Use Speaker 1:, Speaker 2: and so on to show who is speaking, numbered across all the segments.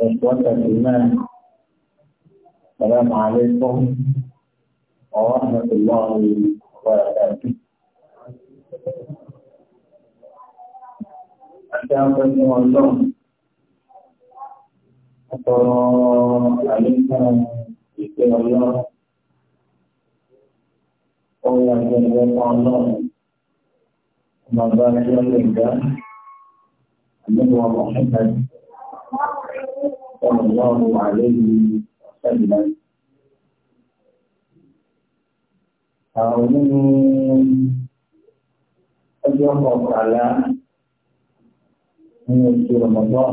Speaker 1: إخوة الإيمان السلام عليكم ورحمة الله وبركاته أشهد أن لا إله عليكم إلا الله قولا جل وعلا ما بارك لك النبي محمد صلى الله عليه وسلم àwọn ọjọ́ kọkànlá ní oṣù rọ̀mọ́tọ́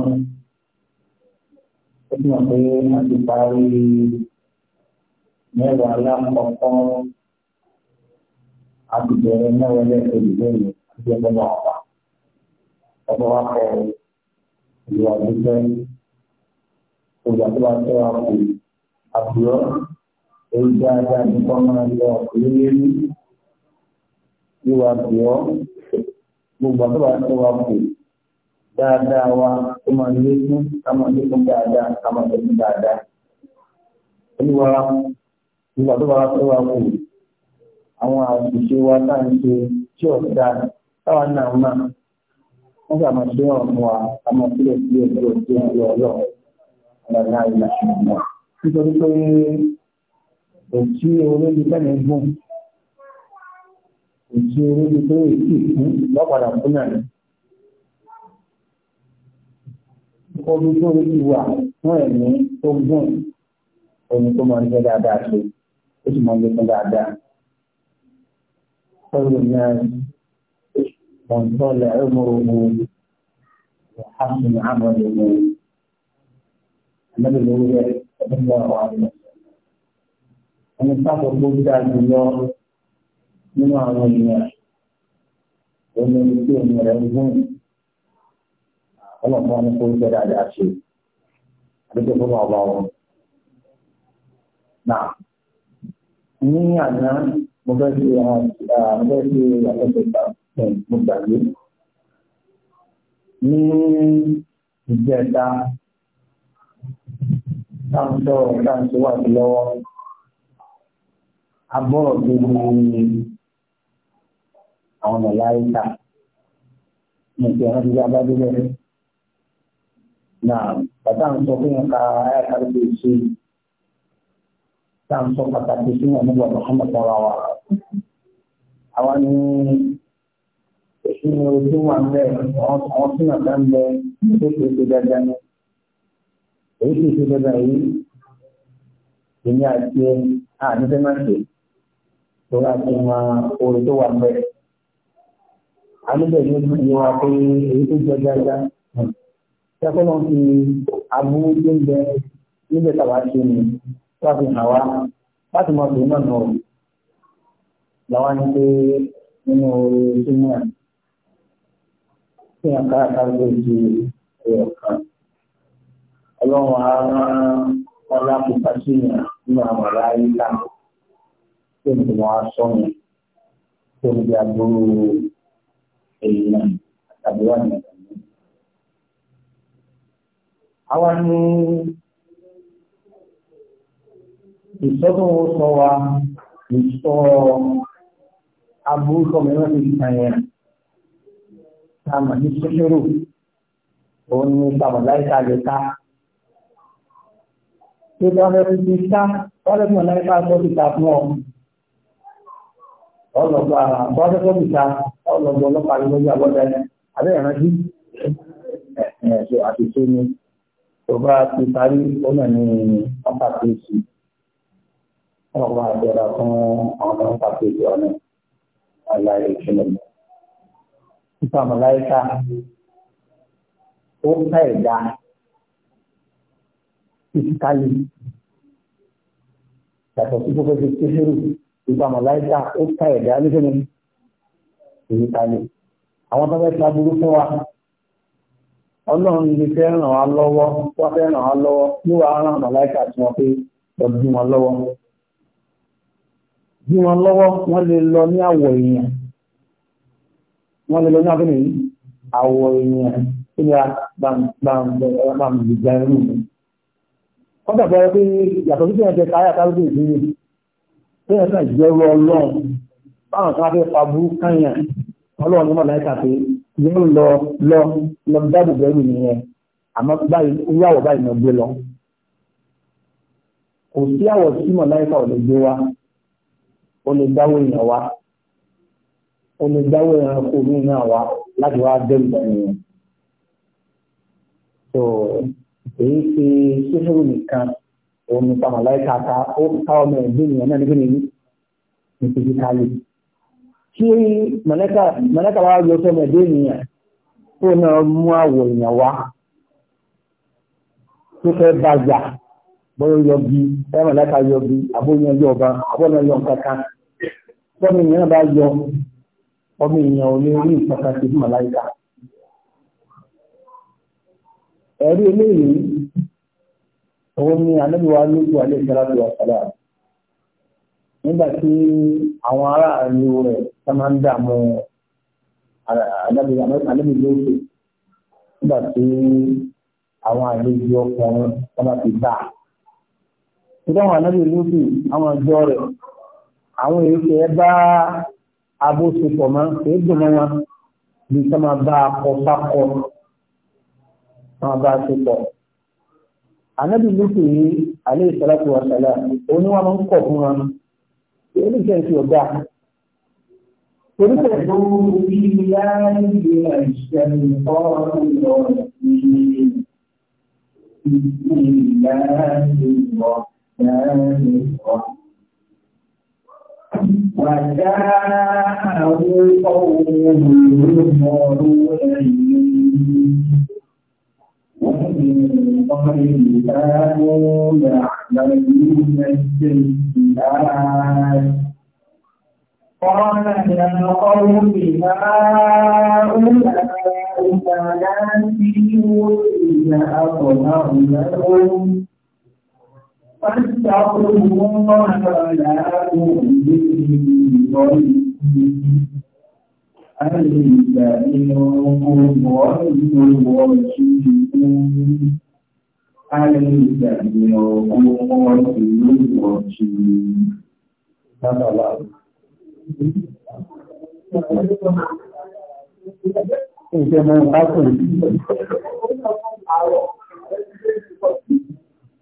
Speaker 1: ó ti mọ̀ pé a ti parí mẹ́wàá alákọ̀ọ́kọ́ a ti bẹ̀rẹ̀ mẹ́wàá ẹlẹ́kẹ̀ẹ́dì lónìí a ti ẹgbẹ́ náà wà ọ̀pọ̀ wa kọ ìwà ọdún sẹ́yìn ìgbà tó bá tẹ́ wa kù àbúrò èyí dáadáa ní kọ́ máa lọ lórí rí ìwà àbúrò gbogbo àbúrò tẹ́ wa kù dáadáa wa tó máa lékún ká máa lékún dáadáa ká máa lékún dáadáa. Olúwa ìgbà tó bá tẹ́ wa kù àwọn àṣìṣe wa tá ń ṣe tí ọ̀dà táwa náà máa wọ́n sì àmọ̀ wa àmọ̀ sílẹ̀ sílẹ̀ tó ti ń lọ ọlọ́run ọ̀la nítorí pé òtí olóbi tẹ́lẹ̀ gùn òtí olóbi tó èsì fún lọ́padà fún náà ni. Omi tó rí ti wà fún ẹ̀mí tó gùn omi tó máa ń jẹ́ dáadáa ṣe ó sì máa ń lékún dáadáa. Ọ̀rọ̀ náà mọ̀ntọ́lẹ̀ ẹ̀mọ́rọ̀ ọ̀hún ọ̀hún àmọ́lẹ̀ ọ̀hún. النبي الأولي صلى الله عليه وسلم أن تعطوا بوجة الدنيا من عملنا ومن يكون من العلم الله ما نقول كذا على عشي بجد الله نعم ní àná mo fẹ́ ṣe àwọn mo fẹ́ ṣe àtẹ́gbẹ̀ta mo gbàgbé ní ìjẹta táwọn sọ̀rọ̀ táwọn tó wà sí lọ́wọ́ abọ́rọ̀ tó ní àwọn mọ̀láyíkà ní ìpè ẹ̀rọ ìdílé abádúgbẹ́ náà bàtà ń sọ fún ẹ̀ka ẹ̀ka ló tá à ń sọ pàtàkì sí wọn nígbà Muhammad sọ̀rọ̀ wa àwọn ní ìṣúná ojú wa ń bẹ àwọn sínú ọ̀gá ń bẹ tó kéde dandan ní èyí sì ṣe dandan yìí èmi àti ẹ ànífẹ́ máa ṣe tó bá ti mọ orin tó wà mẹ́rẹ̀. alúbẹ̀ ní ìyẹn wa pé èyí tó jẹ dáadáa ṣẹ́kọ́ náà fi aburú tó ń bẹ níbẹ̀ tàbá ṣe ni tó a fi hàn wá láti mọ tòun náà nù làwọn ní pé nínú orin tó mú à. Kí ni àkàràkàrà tó ti ẹ̀yọ̀ kan? ọlọ́run ara ọlá pupa sí yàn nínú àwọn ará yíká tó ń bọ̀ wá sọ́yìn tó ń bí agbóró èèyàn àtàbí wà nìyẹn. àwa ní ìsọ́dún ó sọ aburúkọ mìíràn ti kàn yẹn tá a sọ́sọ́rò òun ní bàbá lè ká tó bá rẹ̀ ti sá wálé fún ọ̀nà ìfà tó ti ta fún ọ. ọlọ́gbọ́ ara bọ́dé tó ti ta ọlọ́gbọ́ ọlọ́pàá ló lọ́jọ́ àbọ́dá ẹni abẹ́ ìrántí ẹ̀ṣẹ̀ àtúnṣe ni tó bá ti parí ó nà ní ọ̀pá kéèsì ọlọ́pàá àjọra fún ọ̀nà ọ̀pá kéèsì ọ̀nà aláì ìṣẹ̀lẹ̀ mọ́. Nípa ó ń ká ẹ̀dá yàtọ̀ sí kókó ṣe kéṣeré ipa màláìka ó ká ẹ̀dá nígbẹ́ni èyí ta lè àwọn tó fẹ́ ta burú fún wa ọlọ́run lè fẹ́ ràn wá lọ́wọ́ wá fẹ́ ràn wá lọ́wọ́ ní wàá ràn màláìka tí wọ́n pé lọ wọn lọ́wọ́ bí wọn lọ́wọ́ wọ́n lè lọ ní àwọ̀ èèyàn wọ́n lè lọ ní àbẹ̀lẹ̀ àwọ̀ èèyàn kí ni a bá kọ́dà bọ́ pé yàtọ̀ sí ẹ̀jẹ̀ káyà kárúgbò ìdílé tí ẹ̀ka ìjẹ́rú ọlọ́run báwọn kan fẹ́ pa burú káyà ọlọ́run ní mọ̀láìkà pé yóò lọ lọ lọ dáàbò bẹ́rù nìyẹn àmọ́ báyìí wíwáwọ̀ báyìí náà gbé lọ. kò sí àwọ̀ tí mọ̀láìkà ò lè gbé wa ó lè dáwọ́ èèyàn wa ó lè dáwọ́ èèyàn kò ní ìyàn wa láti wá bẹ́rù nìyẹn èyí ṣe sóṣòro nìkan òun nípa màláìka ká ó ká ọmọ ẹ̀gbẹ́ ènìyàn náà nígbẹ́ nínú ní títí kálí. kí màláìka wa lọ sọmọ ẹ̀gbẹ́ ènìyàn tó náà mú àwọ̀ èèyàn wá tó fẹ́ bàjá bọ́yọ̀ yọbi ẹ màláìka yọbi àbóyan yọba àbọ̀nà yọ kankan tọ́mọ ènìyàn bá yọ ọmọ ènìyàn ò ní rí nǹkan kan sí màláìka ẹ̀rí eléyìí òun ni anábíwá lójú alẹ́ ìṣẹ́lájú ọ̀sálà nígbà tí àwọn aráàlú rẹ̀ tá máa ń dààmú anábí lóṣù nígbà tí àwọn àlejò ọkùnrin tá máa fi bá a. nígbà àwọn anábí lóṣù àwọn ọjọ́ rẹ̀ àwọn èèkè ẹ bá abóṣepọ̀ máa ń pè é dùn mọ́ wọn bí tá bá a kọ sákọ̀ọ́ wọn bá ṣe pọ̀. ànábì lùkù yìí alẹ́ ìṣẹ́lápù ọ̀ṣẹ̀lá òní ń kọ̀ fún wọn èyí ṣe ń ọ̀gá. torí pé ó fi láàyè àìṣẹ́ni ọ̀rọ̀ lọ sí ìlú ìlànà ìwọ̀ ìlànà ìwọ̀. وجاءه قومه يمرون ومن قبل كانوا يعلمون السيئات قال يا قوم هؤلاء بناتي إن أطمع لهم فاتقوا الله ولا تؤذوا الذين هم والمرسلون الذين هم والمرسلون هذا الله Ìjẹ́ mọ́ ìpákùn.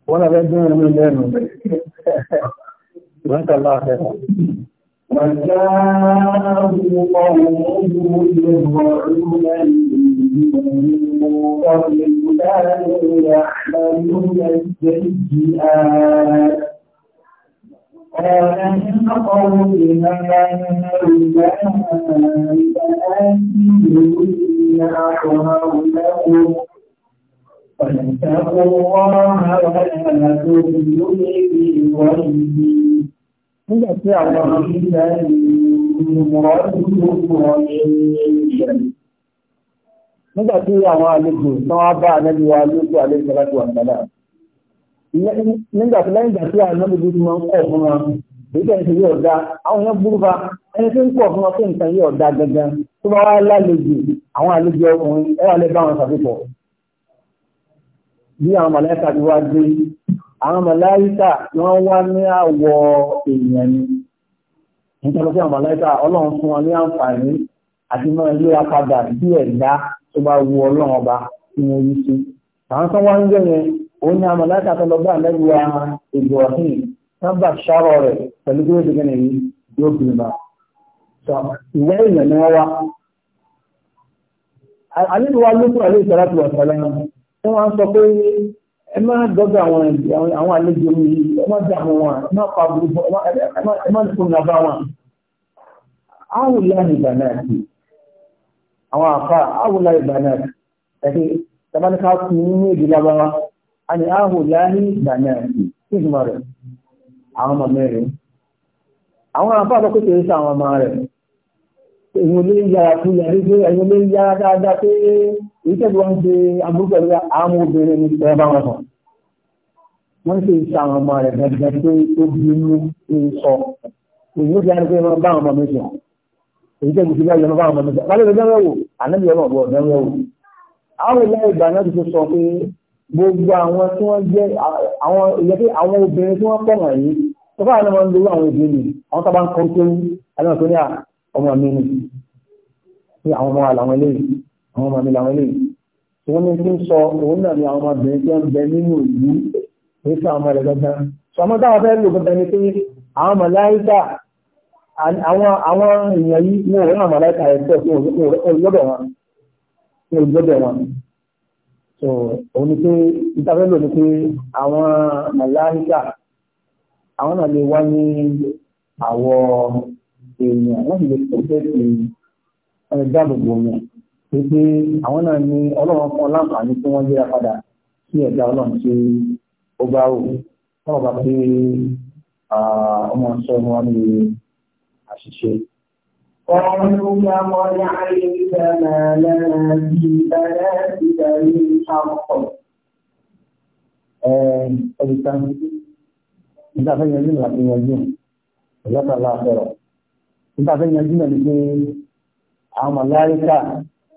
Speaker 1: Wọ́n lọ bẹ́ dún ẹ̀mí lẹ́nu. Wọ́n tọ́lá ọ̀fẹ́. وجاءه قومه يهرعون من قبل كانوا يعملون السيئات قال إن قوم من أولئك آتيهم أحرم لهم فاتقوا الله ولا تبذلوا في وجهه nígbà àwọn àlejò tán wá bá ànẹ́bí wa lókè àlejò láti wà padà nígbà tí lẹ́yìn ìgbà tí ànẹ́bí bí wọ́n kọ̀ fún wọn èyí tẹ̀ yóò dá àwọn èèyàn burú bá ẹni tí ń kọ̀ fún wọn pé nǹkan yóò dá àwọn màláíkà wọ́n wá ní àwọ̀ èèyàn ni nítorí àwọn màláíkà ọlọ́run fún wọn ní àǹfààní àti máa lé apadà bí ẹ̀dá tó bá wu ọlọ́run ọba tí wọ́n yí sí àwọn tó wá ń gbé yẹn òun ni àwọn tó lọ bá wa Ibrahim wọ́n bá ṣàrọ̀ rẹ̀ pẹ̀lú bí ti yóò bí ma ẹ má dọ́dọ̀ àwọn àwọn àlejò mi ẹ má dà mọ́ wọn ẹ má pa burúkú ẹ má nìkú ní abá wọn. àwùlá ni bànáàtì àwọn àfa àwùlá ni bànáàtì ẹ̀kẹ́ tabaníkà èdè lábáwá a ní kí ìgbìmọ̀ rẹ̀ àwọn ọmọ mẹ́rin àwọn àwọn èyí ò lè yára fún yàrá pé èyí ò lè yára dáadáa pé èyí tẹ̀lé wọn ṣe agbókò ẹ̀rọ àwọn obìnrin ní ẹ̀rọ bá wọn sọ. wọ́n ṣe ṣe àwọn ọmọ rẹ̀ gẹ́gẹ́ pé ó bí inú ń sọ èyí ó di àná pé wọ́n bá àwọn ọmọ mi sọ èyí tẹ̀lé ti báyọ̀ bá àwọn ọmọ mi sọ. wálé ìdánwò wò ànábì ọmọ ọ̀bọ̀ ìdánwò wò. àwọn ìlà ìgbà bá ọmọ ń lo àwọn obìnrin ọmọ mi ni pé àwọn ọmọ àlàwọn eléyìí àwọn ọmọ mi làwọn eléyìí tí wọ́n ní kí ń sọ òun náà ni àwọn ọmọbìnrin tí wọ́n bẹ nínú ìlú ní sí àwọn ọmọ rẹ̀ gbọ́gbọ́n sọmọ táwọn fẹ́ lò gbọ́gbọ́n ni pé àwọn màláíkà àwọn èèyàn yìí wọn ò rán màláíkà ẹ̀ pọ̀ fún olùgbọ́dọ̀ wọn fún olùgbọ́dọ̀ wọn so òun ni pé ìtafẹ́ lò ni pé àwọn màláíkà àwọn náà lè wá ní àwọ̀ èèyàn láti lè pèsè èèyàn dáàbòbò wọn wípé àwọn náà ní ọlọ́run fún láǹfààní tí wọ́n yíra padà sí ẹ̀dá ọlọ́run tí ó bá wò wọ́n bá pé ọmọ sọ wọn ní àṣìṣe. قالوا لقد علمت ما لنا في بناتك من حق. ẹ̀ẹ́dẹ̀kan nígbà tó yẹn ní ìlànà ìyẹn yìí ìlànà àlàáfẹ́ rẹ̀ nígbà tó yanjú náà ni pé àwọn màláríkà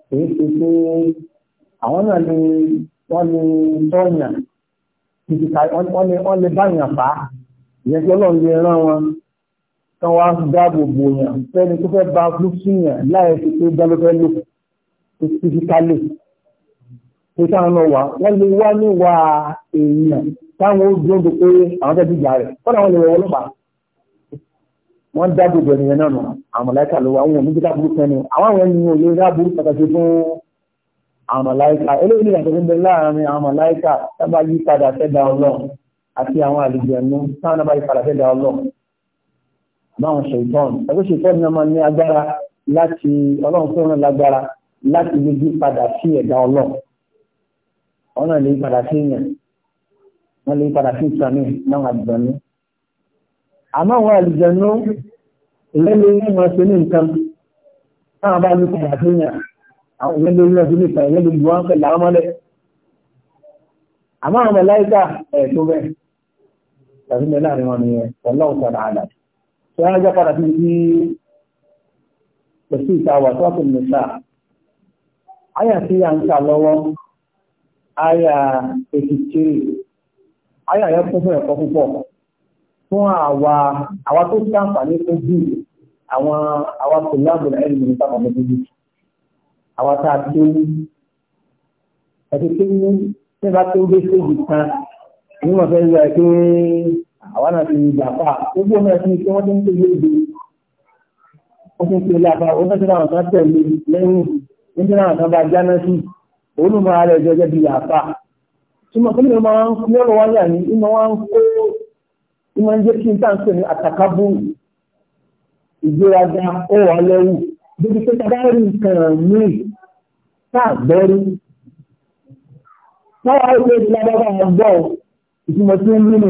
Speaker 1: kìí ṣe pé àwọn náà ni wọ́n lè tọ́yàn títí ká wọ́n lè báyàn fà á ìyẹn tí ọlọ́run lè rán wọn tán wá dáàbò bò yàn fẹ́ni tó fẹ́ ba fún síyàn láì fi pé dálófẹ́ lò tó títí ká lè tó táwọn náà wà wọ́n lè wá níwà èèyàn táwọn ó dúró pé àwọn tẹ́tí ìjà rẹ̀ kọ́nà wọn lè wọ ọlọ́pàá wọ́n dábò jọ nìyẹn náà nù àmàláìka ló wà àwọn òní jíjá burúkú ẹni àwọn àwọn ẹni òye rá burúkú pàtàkì fún àmàláìka eléyìí nígbà tó ń bẹ láàrin àmàláìka sábà yí padà fẹ́dà ọlọ́run àti àwọn àlùjẹ̀nu táwọn náà bá yí padà fẹ́dà ọlọ́run báwọn ṣètọ́n ẹgbẹ́ ṣètọ́n náà máa ní agbára láti ọlọ́run fún ọ̀nà lágbára láti lè yí padà sí ẹ̀dá ọlọ́run ọ̀nà lè yí padà sí àmọ́ àwọn àlùjẹ̀nú ìlẹ́lẹ́ ní wọn ṣe ní nǹkan táwọn bá ní kọ̀ọ̀dà tó yàn àwọn ìlẹ́lẹ́ ní wọn ṣe ní nǹkan ìlẹ́lẹ́ ìlú wọn pẹ̀lú àwọn mọ́lẹ̀ àmọ́ àwọn màláíkà ẹ̀ tó bẹ́ẹ̀ tàbí mẹ́lá ni wọn nìyẹn pẹ̀lú ọ̀sán àdà tí wọ́n jẹ́ padà sí pẹ̀sí ìta wà tó kùn nìta àyà tí à ń kà lọ́wọ́ àyà èkìtì àyà yẹn kún fún ẹ̀kọ́ púpọ̀ fún àwa àwa tó sàǹfààní tó jù àwọn àwa tó láàbò ẹni mi ọmọdé àwa tá a tó ní ẹtí tó ní tí bá tó gbé sóògì kan ní wọn fẹẹ yọ ẹ pé àwa náà ti gbà pa gbogbo náà ti ní kí wọn ti ń tó yé ibi wọn ti ń tó lápá wọn fẹẹ tó láwọn kan tẹ̀lé lẹ́yìn níbi náà kan bá jáná sí olùmọ ara ẹjọ jẹ bí àpá túmọ̀ kí ló máa ń lọ́rọ̀ wáyà ní ìmọ̀ wá ń kó ó máa ń jẹ́ kí n tá à ń pè ní àtàkábùrù ìgbéraga ó wà lẹ́wù débi pé tá a bá rí nǹkan míì tá a gbẹ́rí wọ́n wá wípé tí lábábá wọn gbọ́ ìtumọ̀ tí ó ń nínú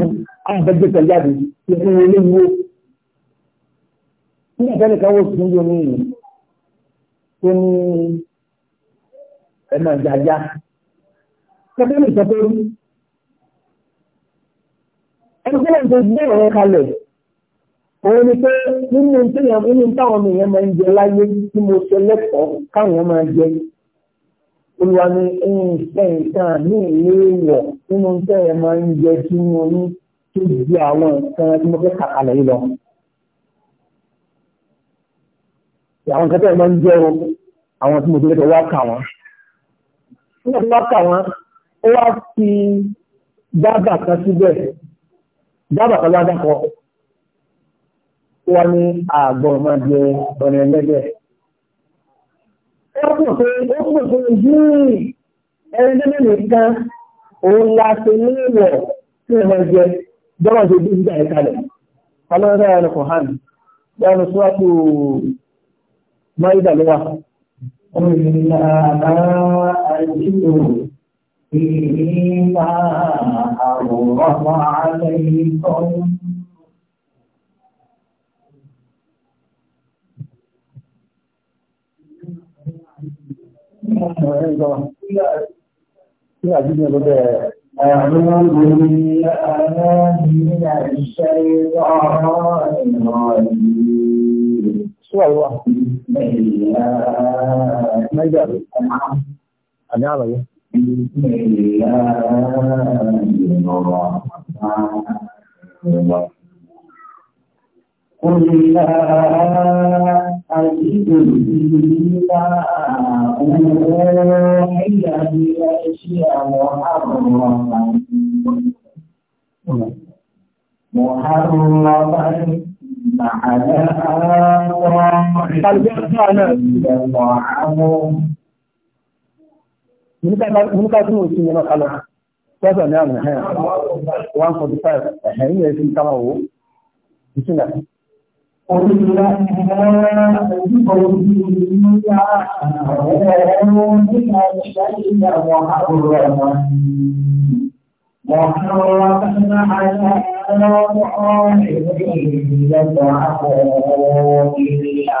Speaker 1: àbẹ̀jẹ̀ tẹ̀jáde tí ó ń lé wo nígbà tẹ́lẹ̀ kan wò sí ní omi tó ní ẹ̀mọ̀ ìjàjá kẹ́kẹ́ nìkan tó rí ẹni tí wọ́n ti gbé ọ̀rọ̀ kalẹ̀ òun ni pé nínú téèyàn nínú táwọn èèyàn máa ń jẹ láyé tí mo ṣe lẹ́kọ̀ọ́ káwọn máa jẹ olùwà ni nǹkan nǹkan ní ilé wọ̀ nínú téèyàn máa ń jẹ tí mo ní tó ju àwọn nǹkan tí mo fẹ́ kàkàlẹ̀ yìí lọ. àwọn nǹkan máa ń jẹ o àwọn tí mo ti lẹ́kọ̀ọ́ wá kà wọ́n. nígbà tí wọ́n kà wọ́n ó wá fi dábàá kan síbẹ̀. dábàá pẹ̀lú adákọ̀ ọnụ ní àgbọ̀ máa jẹ ọ̀nà ẹlẹ́dẹ̀. ó òun la ṣe ní ìwọ̀ tí máa jẹ jọ́wọ́ ṣe bí ìgbà ẹ̀ka rẹ̀. ọlọ́run ẹ̀rọ فيما حرم عليكم أعوذ بالله من الشيطان الرجيم شو الله؟ بسم الله ما يقدر أنا عربي بسم الله الرحمن الرحيم قل لا أجد فيما أوحي إلي محرما محرما على طاعم طعام múníkàtún òsì yẹn máa kalọ̀ tọ́sọ̀ ní àmì ẹ̀hẹ́n 145 ẹ̀hẹ́n yẹn fi kára owó ìsìnà. وحرمنا على روحه إلا تعبوا إلا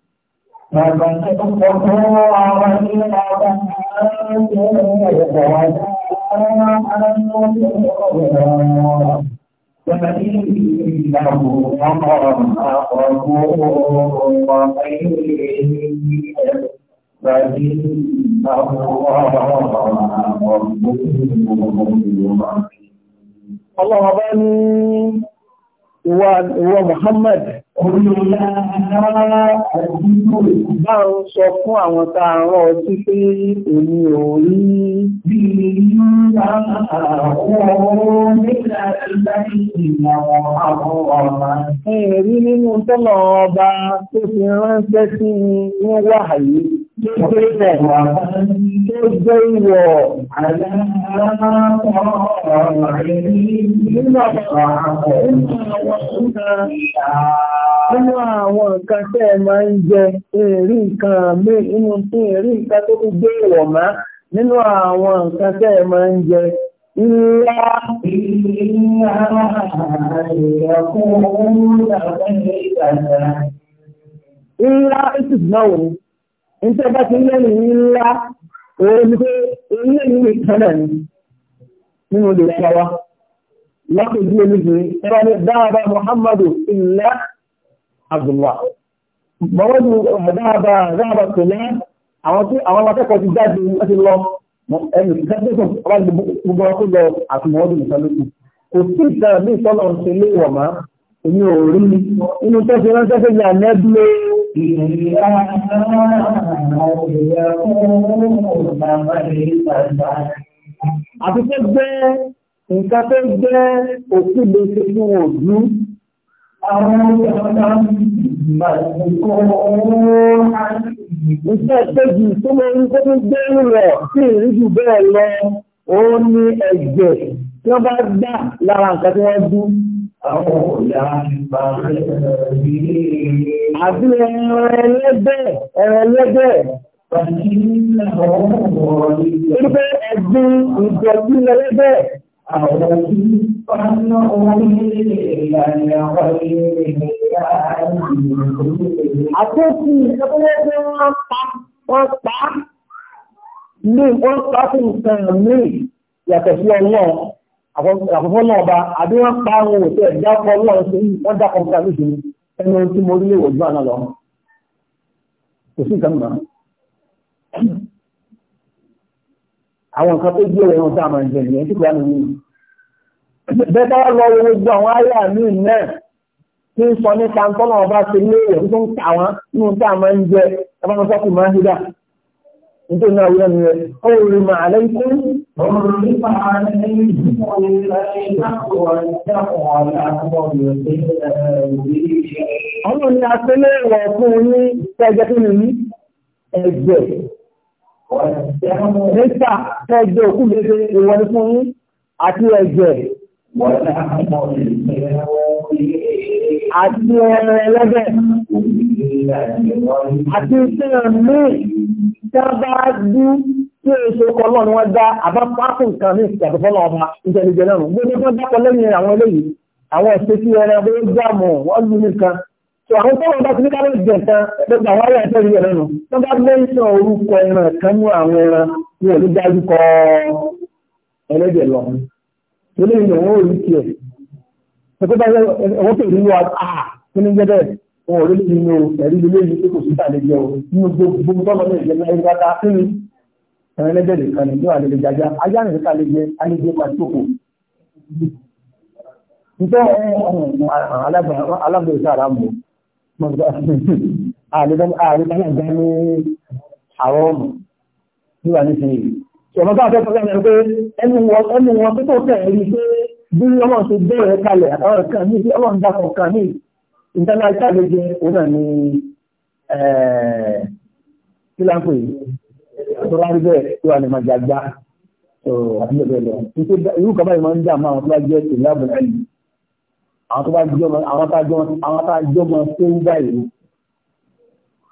Speaker 1: Ọlọ́run ọba ní ìwọ ìwọ Muhammad bá sọ fún àwọn tá rán ọ pé èmi ò rí bí ìlú àwọn nínú tọ́lọ̀ ọba tó fi ránṣẹ́ sí ní wàhálì tó jẹ́ ìwọ̀ àlàáfọ́ ọ̀rẹ́ nínú àwọn Nínú àwọn nǹkan tẹ́ máa ń jẹ èrí nǹkan mé inú tí èrí nǹkan tó tún gbé ìwọ̀ má nínú àwọn nǹkan tẹ́ máa ń jẹ ńlá ìrìnà ìsìnkú Ìṣẹ́ bá ti lẹ́yìn ńlá, òun ni pé ilé ìwé kan náà ni nínú olùsọ́wá lápẹjú olùsìn ẹ̀rọ ni dáadáa muhammadu illa abdullah mọ́wọ́dù dáadáa dáadáa tó lẹ́ àwọn tí àwọn akẹ́kọ̀ọ́ ti jáde wọ́n ti lọ ẹnì kẹ́kẹ́kọ̀ọ́ wá gbogbo ọkọ̀ lọ àti mọ́wọ́dù nìkan lókù kò sí ìtàn bí gbẹ́ nǹkan tó jẹ́ òkú lè ṣe fún òdú àwọn Iṣẹ́ ìpéjì tó mọ́ orí tó tó gbé rẹ̀ sí ìríjú bẹ́ẹ̀ lọ, ó ní ẹ̀jẹ̀ tí wọ́n bá gbà lára nǹkan tí wọ́n dú. Àwọn òyà ìgbà rẹ̀ rí. Àbí ẹ̀rẹ̀lẹ́gbẹ̀, ẹ̀rẹ̀lẹ́gbẹ̀. Irúfẹ́ ẹ̀gbin ìjọ̀gbìn lẹ́lẹ́gbẹ̀. الذي صنعوا إلى غيره Àkókò ìṣẹ́kọ́lẹ́gbẹ́ wọ́n pa wọ́n pa ní wọ́n pa fún ìṣẹ́yàn ní yàtọ̀ sí ọlọ́ àkọ́kọ́ náà bá àbí wọ́n pa àwọn òṣè ìjápọ̀ ọlọ́run sí wọ́n dá kọ̀ǹkà lóṣù ẹni tí mo rí lè wòjú àná lọ. Kò sí ìkànnì àwọn nǹkan tó gbé ẹ̀rọ tá a máa ń jẹ nìyẹn tí kò yánu yìí. bẹ́ẹ̀ bá lọ wo gbogbo àwọn ayé àmì náà tí ń sọ nípa ń tọ́nà ọba ṣe lé ẹ̀ tó ń ta wọn nínú tá a máa ń jẹ ẹbá wọn sọ́kù máa ń hídà. nítorí náà wúlò nìyẹn ó rí mà á lẹ́yìn kú. ọ̀rọ̀ nípa ààrẹ ní ìdíkọ̀ ìlànà ìdáhùn àti àkọ́kọ́ Nígbà ẹgbẹ́ òkú mi ṣe ìwọlé fún yín àti ẹ̀jẹ̀. Àti ẹran ẹlẹ́gbẹ̀. Àti iṣẹ́ mi tá bá dú tí èso ọkọ̀ náà ni wọ́n dá àbápákùn nǹkan ní ìṣẹ̀tọ̀ fọ́nà ọmọ ìjẹnijẹ Gbogbo wọn lẹ́yìn àwọn eléyìí. Àwọn ìṣesí ẹran bó jáàmù wọ́n lù nìkan àwọn tó wọ́n bá ti ní káwọ́ ìjẹ̀kan gbogbo àwọn ará ẹ̀tọ́ ìrìn ẹ̀rọ tó bá mẹ́ṣọ́ orúkọ ẹran kan mú àwọn ẹran ní òní dájú kọ ẹlẹ́dẹ̀ lọ tó lè yàn wọ́n orí tiẹ̀ tó bá ẹ̀wọ́n tó ìrìn wa à ní jẹ́ bẹ́ẹ̀ wọn ò lórí o nínú gbogbo tọ́lọ́ ní ìjẹ́ láyé bá ta sí ni ẹ̀rọ ẹlẹ́dẹ̀ nìkan ni yóò àlejò jájá ajá nìkan ta mọ̀gbọ́n àrídáná gan ní àwọn ọmọ níwà ní sinmi ṣọ̀rọ̀ bá fẹ́ fọ́lá ẹ̀rọ pé ẹnu wọn pé tó tẹ̀ rí pé bí ọmọ ṣe bẹ̀rẹ̀ kalẹ̀ àtàwọn kan ní ọmọ ń dákọ̀ kan ní internal charge jẹ́ òun náà ní eh, kíláàpù yìí tó rárí bẹ́ẹ̀ tó wà ní màjàgbá àti bẹ́ẹ̀ lọ irú kan báyìí máa ń dà máa wọn tó àwọn tó bá jọmọ àwọn tá jọmọ àwọn tá jọmọ tó ń gbà ìlú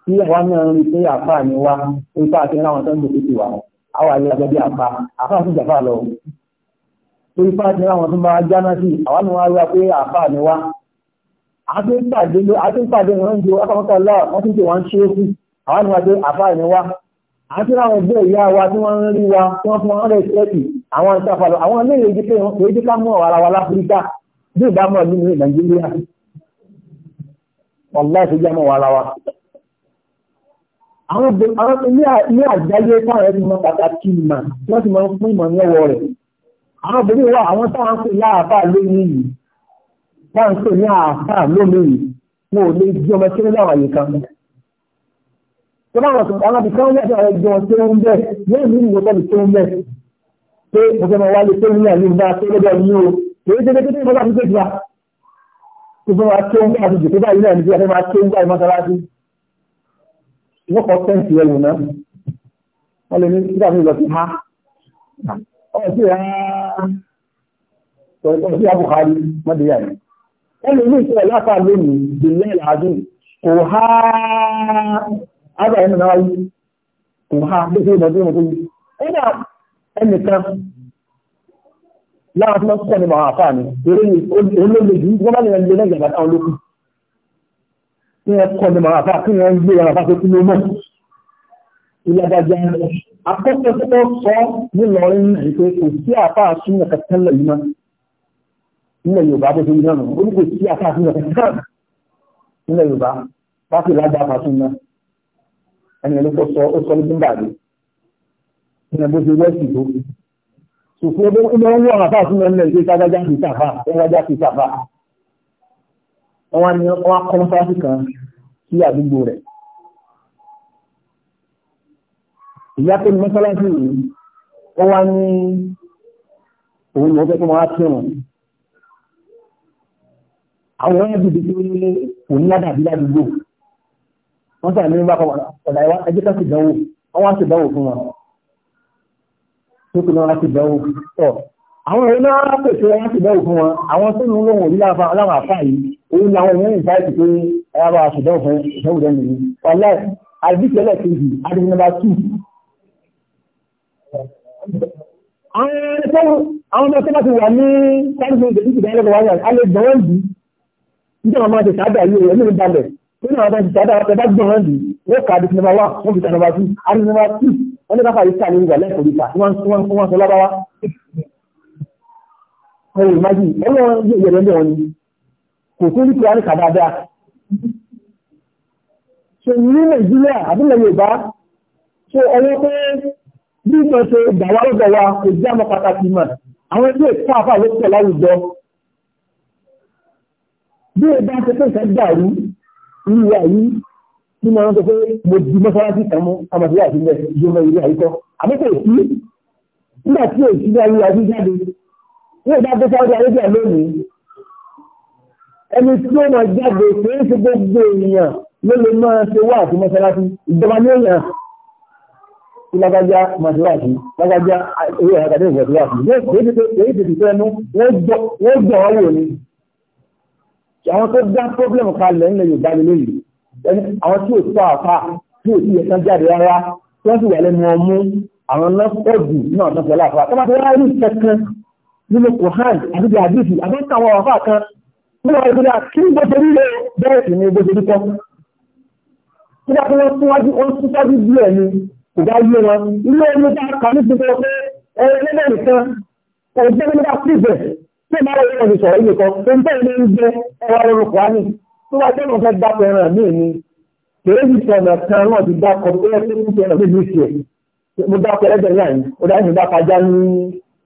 Speaker 1: tí àwa náà rí pé àfa ni wa ń pa àti láwọn tó ń gbòkè tiwa àwa ní abẹ́bí àfa àfa sì jàfà lọ tó ń pa àti láwọn tó máa jáná sí àwa ni wọ́n rí wa pé àfa ni wa àti ń pàdé wọ́n ń pè wọ́n ṣe bí ìdámọ̀ nínú nàìjíríà ọ̀lá ìfẹ́jẹ́ mọ̀ wàrà wa àwọn ilé àgbáyé táwọn ẹni mọ pàtàkì mà wọ́n ti mọ fún ìmọ̀ ní ọwọ́ rẹ̀ àwọn obìnrin wà àwọn táwọn pè ní àáfà lómi yìí táwọn pè ní àáfà lómi yìí wọn ò lè jí ọmọ tí ó láwọn àyè kan tó bá wọn sọ àwọn ibìkan wọn lẹ́sẹ̀ àwọn ẹgbẹ́ wọn tó ń bẹ̀ lẹ́yìn nínú ìwọ́n tó ń bẹ̀ pé mo fẹ́ mọ wálé tó ń ní ìgbà torí ṣe kékeré ìfọ́lá fún kéjìlá tó fẹ́ máa tó ń bá àtúntò tó báyìí náà ní bí a fẹ́ máa tó ń bá ìmọ̀sáláṣí wọ́n kọ́ tẹ́ǹtì rẹ̀ lùnà wọ́n lè ní sídà fún ìlọsí ha ọ̀rọ̀ sí ẹ̀rọ ọ̀rọ̀ sí abùkárí láwọn tí wọ́n sọ́kọ̀ nínú àwọn àfáà ni eré olóòlè jù wọ́n bá lè lè lẹ́yìn ìgbà táwọn olókùn kí wọ́n kọ́ nínú àwọn àfáà kí wọ́n gbé àwọn àfáà tó kí ló mọ̀ ilé adájọ́ akọ́kọ́ tó sọ nílọrin yìí pé kò sí àfáà súnmọ̀ kẹtẹ́lẹ̀ yìí mọ́ nílẹ̀ Yorùbá bó ṣe yí náà ó ní kò sí àfáà súnmọ̀ kẹtẹ́lẹ̀ nílẹ̀ Yorùbá bá sì lágbá àfáà súnmọ̀ ẹni ẹni tó sọ ó sọ ní bímbà rẹ̀ ní ẹgbẹ́ ṣe wẹ́ẹ̀sì tó fi ṣùfún ọdún ilẹ̀ ń wọ́n àfáà fún ẹ̀mẹ́ ìgbé tágbájá sí sàfà ẹwájá sí sàfà wọ́n ni wọ́n kọ́ mọ́sáàsì kan sí àdúgbò rẹ̀ ìyá tó ní mọ́sálásì yìí ó wá ní òun ló fẹ́ kó máa tún wọn àwọn ẹ̀yà bìbí tí wọ́n lé òun ládàbí ládùúgbò wọ́n sàn ní bá kọ́ ọ̀dà ẹjẹ́ ká sì tó kù náà láti bẹ̀wò pọ̀. Àwọn èèyàn náà pèsè láti bẹ̀wò fún wọn, àwọn tó ń lóhùn orí aláwọ̀ àfà yìí, òun làwọn èèyàn ń sáyẹ̀ pé ẹ̀yà bá fún ìṣẹ́wò rẹ̀ nìyí. Wàlẹ́ àdìsẹ́ lẹ́ẹ̀kejì, àdìsẹ́ nọ́mbà tù. Àwọn ọmọ tó wà ní Sáyẹ́nsì Ìjọba wáyà, a gbọ́n wọ́n ní káfà ìṣà ní ìgbà lẹ́kọ̀ọ́ ìta wọ́n sọ lábáwá ẹ̀rọ ìmájì ẹ̀rọ yẹ̀rẹ̀ lẹ́wọ̀n ni kò tún ní kúránì kà dáadáa ṣe ní nàìjíríà àbílẹ̀ yorùbá ṣe ọwọ́ pé bí ìtàn ṣe dàwà lọ́dọ̀ wa kò jẹ́ àmọ́ pàtàkì mọ̀ àwọn ẹgbẹ́ ìfáàfà ló pẹ̀ láwùjọ bí ìbá ṣe pé ìfẹ́ dàrú ìlú wa yìí tí mo rántọ́ pé mo di mọ́sálásí kan mú amọ̀sílẹ̀ àti ilẹ̀ ìjọba ìlú àyíkọ́ àmọ́kọ̀ èsì nígbà tí èsì ní ayé àti jáde ní ìdá tó sáré arábíà lónìí ẹni tí ó máa jáde pé ń ṣe gbogbo èèyàn ló lè máa ṣe wá àti mọ́sálásí ìjọba ní èèyàn tí lágbájá màtíláàtì lágbájá owó àgbàdo ìgbàtíláàtì èyí tètè fẹ́ mú wọ́n gbọ́ ọ́ wò ni àwọn tó dá pọ́blẹ̀mù kalẹ̀ ńlẹ̀ Yorùbá lónìí àwọn tí ò tó àfà tí ò tí yẹ kán jáde rárá tí wọ́n sì wà lẹ́nu ọmú àwọn náà pọ̀ jù náà tó fẹ́lá àfà. tọ́ba tó wá rí kankan nínú kohan àbíbi àbíbi àbẹ́ta àwọn àfà kan nínú àwọn ìgbéra kí ni gbogbo rí bẹ́ẹ̀ sì ni gbogbo rí kọ́. tí wọ́n fún wọn síwájú wọn síwájú díẹ̀ ni kò bá yé wọn ilé ẹni tá kà ní gbogbo pé ẹlẹ́lẹ́ nìkan òjò nígbà síbẹ̀ tí ìmọ̀ tó wá jẹ́ nǹkan dákọ̀ ẹran míì ni kèrè ní ìfọ̀nà kan náà ti dákọ̀ pé ẹni ní ìfọ̀nà míì ní ìṣẹ̀ mo dákọ̀ ẹlẹ́dẹ̀ náà ni ó dáhùn dákọ̀ ajá ní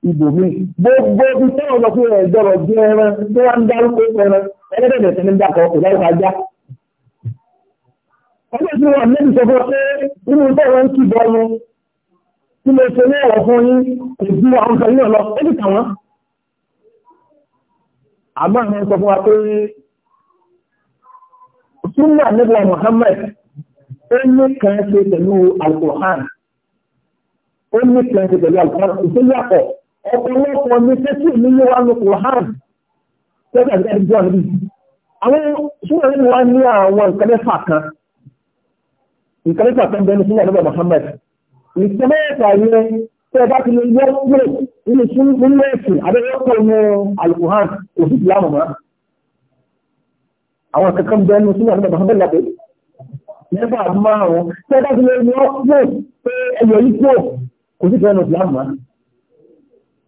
Speaker 1: ibò mi gbogbo ibi tí wọn lọ sí ẹ̀dọ́rọ̀ jẹ́ ẹran tí wọ́n ń dárúkọ ẹran ẹlẹ́dẹ̀ nìkan ní dákọ̀ kò dárúkọ ajá. ọjọ́ tí wọn lẹ́nu sọ fún pé nínú bẹ́ẹ̀ wọ́n ń kí bọ́ yín tí mo ṣe ní ọ̀rọ̀ fún yín kò ju àwọn kan náà lọ ẹ̀dùn kàn wọ́n. àmọ́ àwọn sọ fún wa pé súnmọ́ nígbà Muhammad ó ní kan ṣe pẹ̀lú Al-Qur'an ó ní kan ṣe pẹ̀lú Al-Qur'an ìṣẹ́yàpọ̀ ọ̀pọ̀lọpọ̀ ní tẹ́tí mi ní wà ní Qur'an tẹ́tà ní ẹgbẹ́ ọ̀rẹ́ yìí àwọn súnmọ́ nínú wa ní àwọn nǹkan kan nǹkan kan bẹ́ẹ̀ ní súnmọ́ nígbà Muhammad nǹkan yẹn tẹ́ àwọn kankan bẹ́ẹ̀ ní sínú àwọn ọmọ bẹ́ẹ̀ lápẹ́ mẹ́fà márùn-ún tí ẹgbẹ́ ti lè ní ọ́pọ̀ pé ẹyọ ipò kò sí fẹ́ẹ̀nù ìlàmà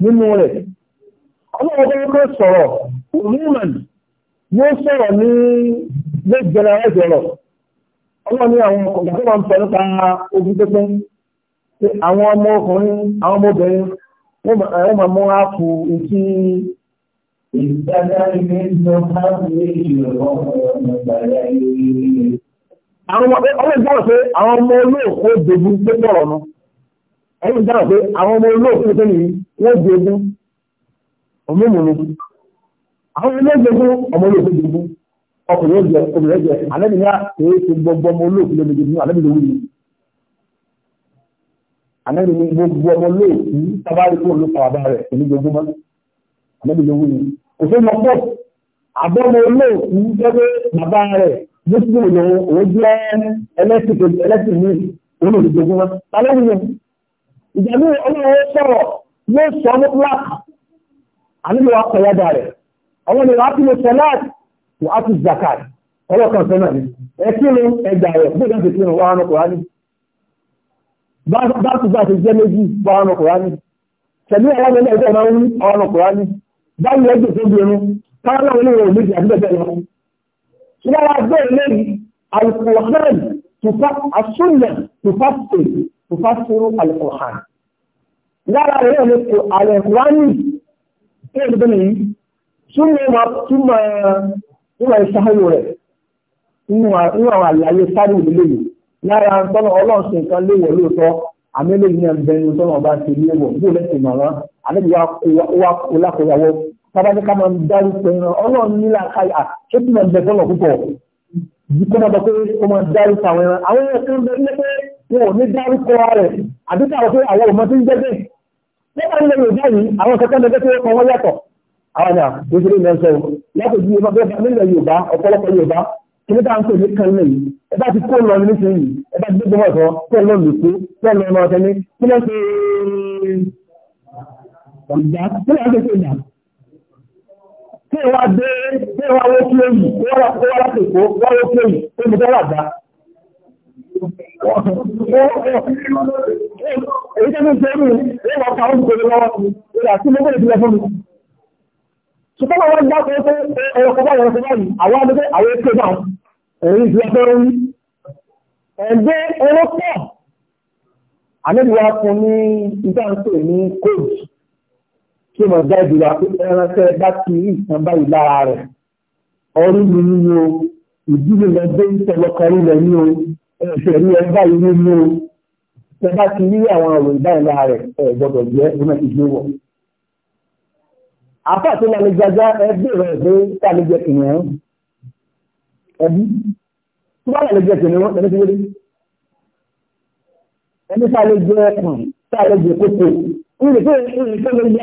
Speaker 1: nínú rẹ̀ ọlọ́wọ́ bẹ́ẹ̀ sọ̀rọ̀ women yóò sọ̀rọ̀ ní late general jọ̀rọ̀ ọlọ́wọ́ ní àwọn ọ̀gá tó máa ń sọ nípa ogun pínpín pé àwọn ọmọ ọkùnrin àwọn ọmọbìnrin wọ́n máa mú áàpù Àwọn ọmọ ìgbàrọ̀ pé àwọn ọmọ olóòkú dègún tó bọ̀rọ̀ mọ́. Ẹni ìgbàrọ̀ pé àwọn ọmọ olóòkú tó nìyí wọ́n dègún ọmọmọ̀lú. Àwọn olóògbègún ọmọ olóòkú dègún ọkùnrin ẹgbẹ́ obìnrin ẹgbẹ́ alẹ́bí ní àkèrè tó gbogbo ọmọ olóòkú lóbi dègún alẹ́bí lówó yìí. Alẹ́bí ní gbogbo ọmọ olóòkú tábàrí kó olóòkú àbá rẹ̀ òfómọpọ̀ àbọ̀mọ olóòkú gẹ́gẹ́ bàbá rẹ̀ mùsùlùmí lòun òun jẹ́ ẹlẹ́sìn mi olóòdìjogún wọn tálẹ́yìn ìjàmbá ọlọ́run sọ̀rọ̀ yóò sọ ní black àníbi wa kọ̀ yáda rẹ̀ àwọn ènìyàn á ti lè sọ̀láàt wọ́n á ti zakat ọlọ́kan sọ́nà ni ẹ kí ni ẹgbà rẹ̀ bí ni á nù bá bá ti jẹ́ méjì á nù tẹ̀lé ẹgbẹ́ ń rí báyìí ẹgbẹ̀ tó bí irun káwọn ilé ìwọ̀n méjì àdúgbẹ̀bẹ̀ lọ. ṣùgbọ́n wa bẹ́ẹ̀ lẹ́yìn alukóhán tufa asúnlẹ̀ tufa sèrè tufa sèrè alukóhán. lára rẹ̀ ní kò alẹ́kùránì bẹ́ẹ̀ ló bẹ́ẹ̀ yìí túnmọ̀ ma túnmọ̀ ìwà ìṣáyò rẹ̀ nínú àwọn àlàyé sáré ìdílé yìí lára tọ́nà ọlọ́ọ̀sìn kan léwọ̀ lóòótọ́ àmẹ́lẹ́yìn náà bẹ́ẹ̀ tọ́nà ọba ti léwọ̀ bó lẹ́sìn àlejò wa kó lákòyàwó bàbá ní ká máa ń dárúkọ ẹran ọlọ́run nílà káyà ṣé tí máa ń bẹ fọ́lọ̀ púpọ̀ kó máa bọ pé kó máa dárúkọ àwọn ẹran àwọn ẹran kan bẹ ní pé wọn ò ní dárúkọ rẹ̀ àbí káwọn pé àwọn ọmọ tó ń jẹ́gbẹ́ nípa ilẹ̀ Yorùbá yìí àwọn kankan bẹ tó kọ wọn yàtọ̀ àwọn àyà tó ṣe sọ yàtọ̀ ju ọmọ bẹ́ẹ̀ nílẹ̀ Yorùbá ọ̀pọ̀lọpọ̀ Yorùbá kí ní táwọn tó ní kan lè yìí ẹ bá ti kó lọ ní nísìnyí ẹ bá ti gbé gbọmọ sọ kó lọ lè kó kó lọ ọmọ ọtẹ ní kí lọ sí ọ̀gá tí wọ́n lè pè náà tí wọ́n dé tí wọ́n wó kí èyí tí wọ́n wá láti èkó wọ́n wó kí èyí tí mo fẹ́ wà gbá. èyí tẹ́lẹ̀ ń sẹ́yìn èyí wọ́n kàwọn ìkòlè lọ́wọ́ ìrà tí mo bẹ̀rẹ̀ sílẹ̀ fún mi. ṣùgbọ́n àwọn ọgbà tó ṣe ẹ̀rọ kọ́kọ́ àwọn ọ̀sẹ̀ báyìí àwọn ọmọdé àwọn èké náà èyí ti ẹgbẹ́ orí ẹgbẹ́ owó pọ̀ àlejò wa fún ní ìdáǹtò ní kóòtù tí ó mọ̀ dá ìdúrà pé ẹranṣẹ́ bá ti rí ìtàn báyìí lára rẹ̀ ọrí mi nínú o ìdílé lọ dé ìtọ́lọ́kọrí rẹ̀ ní o ẹ̀ṣẹ̀ rí ẹ báyìí nínú o tẹ bá ti rí àwọn ọ̀rọ̀ ìbáyìí lára rẹ̀ ẹ̀ gbọ́dọ̀ jẹ́ ìmọ̀ ìgbé wọ̀. àpá àti ìlànà ìgbàgbá ẹbí rẹ̀ pé tá a jẹ kìnìún ẹbí tí wọ́n lè jẹ kìnìún ẹni tí wọ́n ẹni tá a lè jẹ ẹkùn tá a lè jẹ kókó ní pé ìṣẹ́lẹ̀ ìjẹ́ ìrìn tó ni ó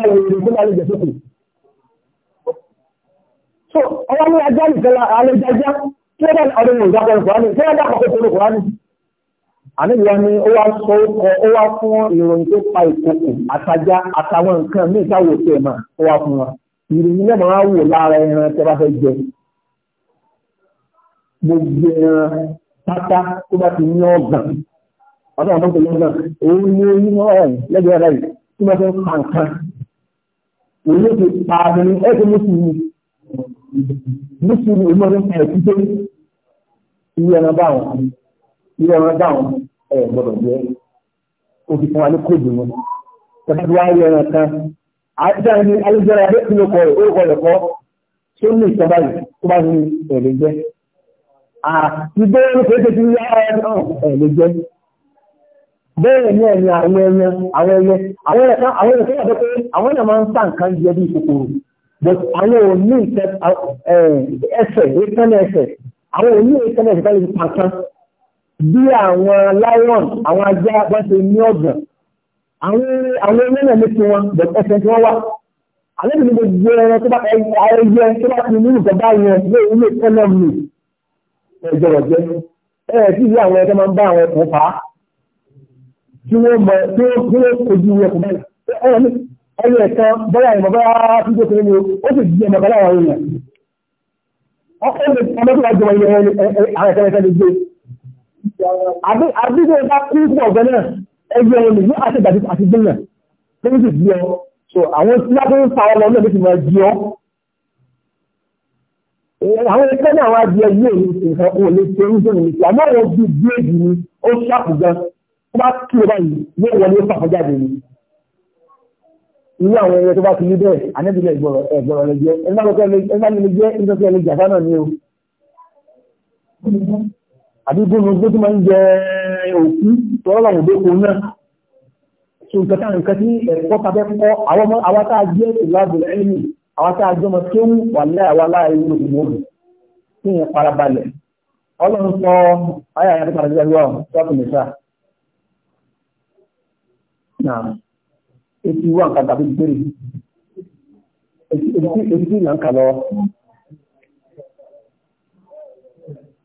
Speaker 1: wá sọ ọkọ̀ ó wá fún ìròyìn tó pa ìkòkò àtajá àtàwọn nǹkan ní ìtawò tẹ̀ mà ó wá fún wa. Ìròyìn náà máa wò lára ẹran tí bá fẹ́ jẹ. Gbogbo ẹran pátá tó bá ti ní ọ̀gàn tí wọ́n fẹ́ pa nǹkan. Èyí ti pa àbẹ̀rẹ̀ ẹ̀kọ́ mùsùlùmí. Mùsùlùmí ìmọ̀ ní ẹ̀ títẹ́ ilé ẹran bá wọn. Ilé ẹran bá wọn ẹ̀ gbọ́dọ̀ jẹ́. O ti fún wa ní kóòdù wọn. Tẹ̀sán ti wá ilé ẹran kan. Àìsàn ni Alẹ́sẹ̀rẹ́ Adé ti ló kọ rẹ̀, ó kọ rẹ̀ kọ́. Ṣé ó ní ìjọba yìí tó bá ní ẹ̀lẹ́jẹ́? Àti bẹ́ẹ̀ ni kò bẹ́ẹ̀ ní ẹ̀yìn àwọn ẹyẹ àwọn ẹyẹ àwọn ẹ̀ka àwọn ẹ̀ka yàtọ̀ pé àwọn ẹ̀yà máa ń sá nǹkan jẹ bí kòkòrò but àwọn ò ní ìtẹ ẹsẹ̀ ìtẹ́lẹ̀ ẹsẹ̀ àwọn ò ní ìtẹ́lẹ̀ ẹsẹ̀ tẹ́lẹ̀ pàtàn bí àwọn lion àwọn ajá bá ṣe ní ọ̀gbọ̀n àwọn ẹyẹ náà ní tiwọn but ẹsẹ̀ tí wọ́n wá alẹ́ mi ní gbogbo ẹran tó bá ẹyẹ tó bá ti ní nǹkan bá yẹn ní ilé ìtẹ́lẹ̀ mi ẹ̀jọ̀rọ̀ jẹ́ ẹ̀ẹ́dì tí wọ́n mọ̀ tí ó kúrò ojú ẹkùn mẹ́rin ẹ̀rọ ní ọyọ ẹ̀kan bọ́yá ìmọ̀ bá tí ó kéré ni ó sì jí ẹmọ kọlá àwọn èèyàn ọkọ̀ ní ọmọ tó wà jọmọ ilẹ̀ àwọn ẹ̀kan ẹ̀kan lè gbé àdúgbò bá kú fún ọ̀gbẹ́ náà ẹgbẹ́ ẹ̀rọ nìyí àti ìgbà àti gbé náà lórí sì jí ọ so àwọn tí wọ́n ń fa ọmọ náà ló ti máa jí ọ àwọn ẹgbẹ́ náà wá di ẹgbẹ́ ìlú nǹkan kó lè ṣe oúnjẹ nìyí àmọ́ àwọn bíi bíi èdè ni ó ṣàkùgán tó bá kí o báyìí yóò wọlé fàfọ́jáde ni irú àwọn ẹyẹ tó bá ti rí bẹ́ẹ̀ ànẹ́bílẹ̀ ẹ̀gbọ̀rọ̀ lè jẹ́ ẹni bá lè jẹ́ nítorí ẹni jàdá náà ni o àbí gbóhùn gbó tó máa ń jẹ òkú tọ́rọ́ làwọn òbí òkun náà tó nǹkan tá nǹkan tí ẹ̀kọ́ ta fẹ́ kọ́ àwọn tá a jẹ́ ìlàbùrẹ̀ ẹ̀mí àwọn tá a jọmọ kéwù wà láì àwọn aláìwé òkùnkùn tí yẹn farabalẹ̀ ọlọ́run sọ ayé àyàtọ̀ àti ìjọba ìwà ọ̀sán náà etí wà nǹkan tàbí gbére etí tí ìlànà kàlọ́.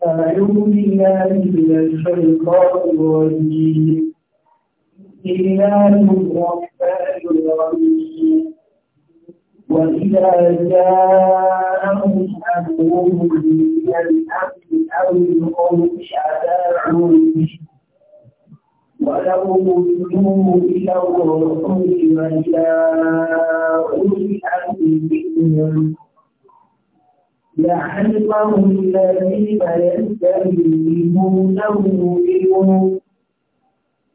Speaker 1: أعوذ بالله من الشيطان الرجيم بسم الله الرحمن الرحيم وإذا جاءهم أمرهم من الأمن أو الخوف أذاعوا به ولو ردوا إلى الرسول وإلى أولي الأمر منهم لعلمه الذين يستهزئونه منهم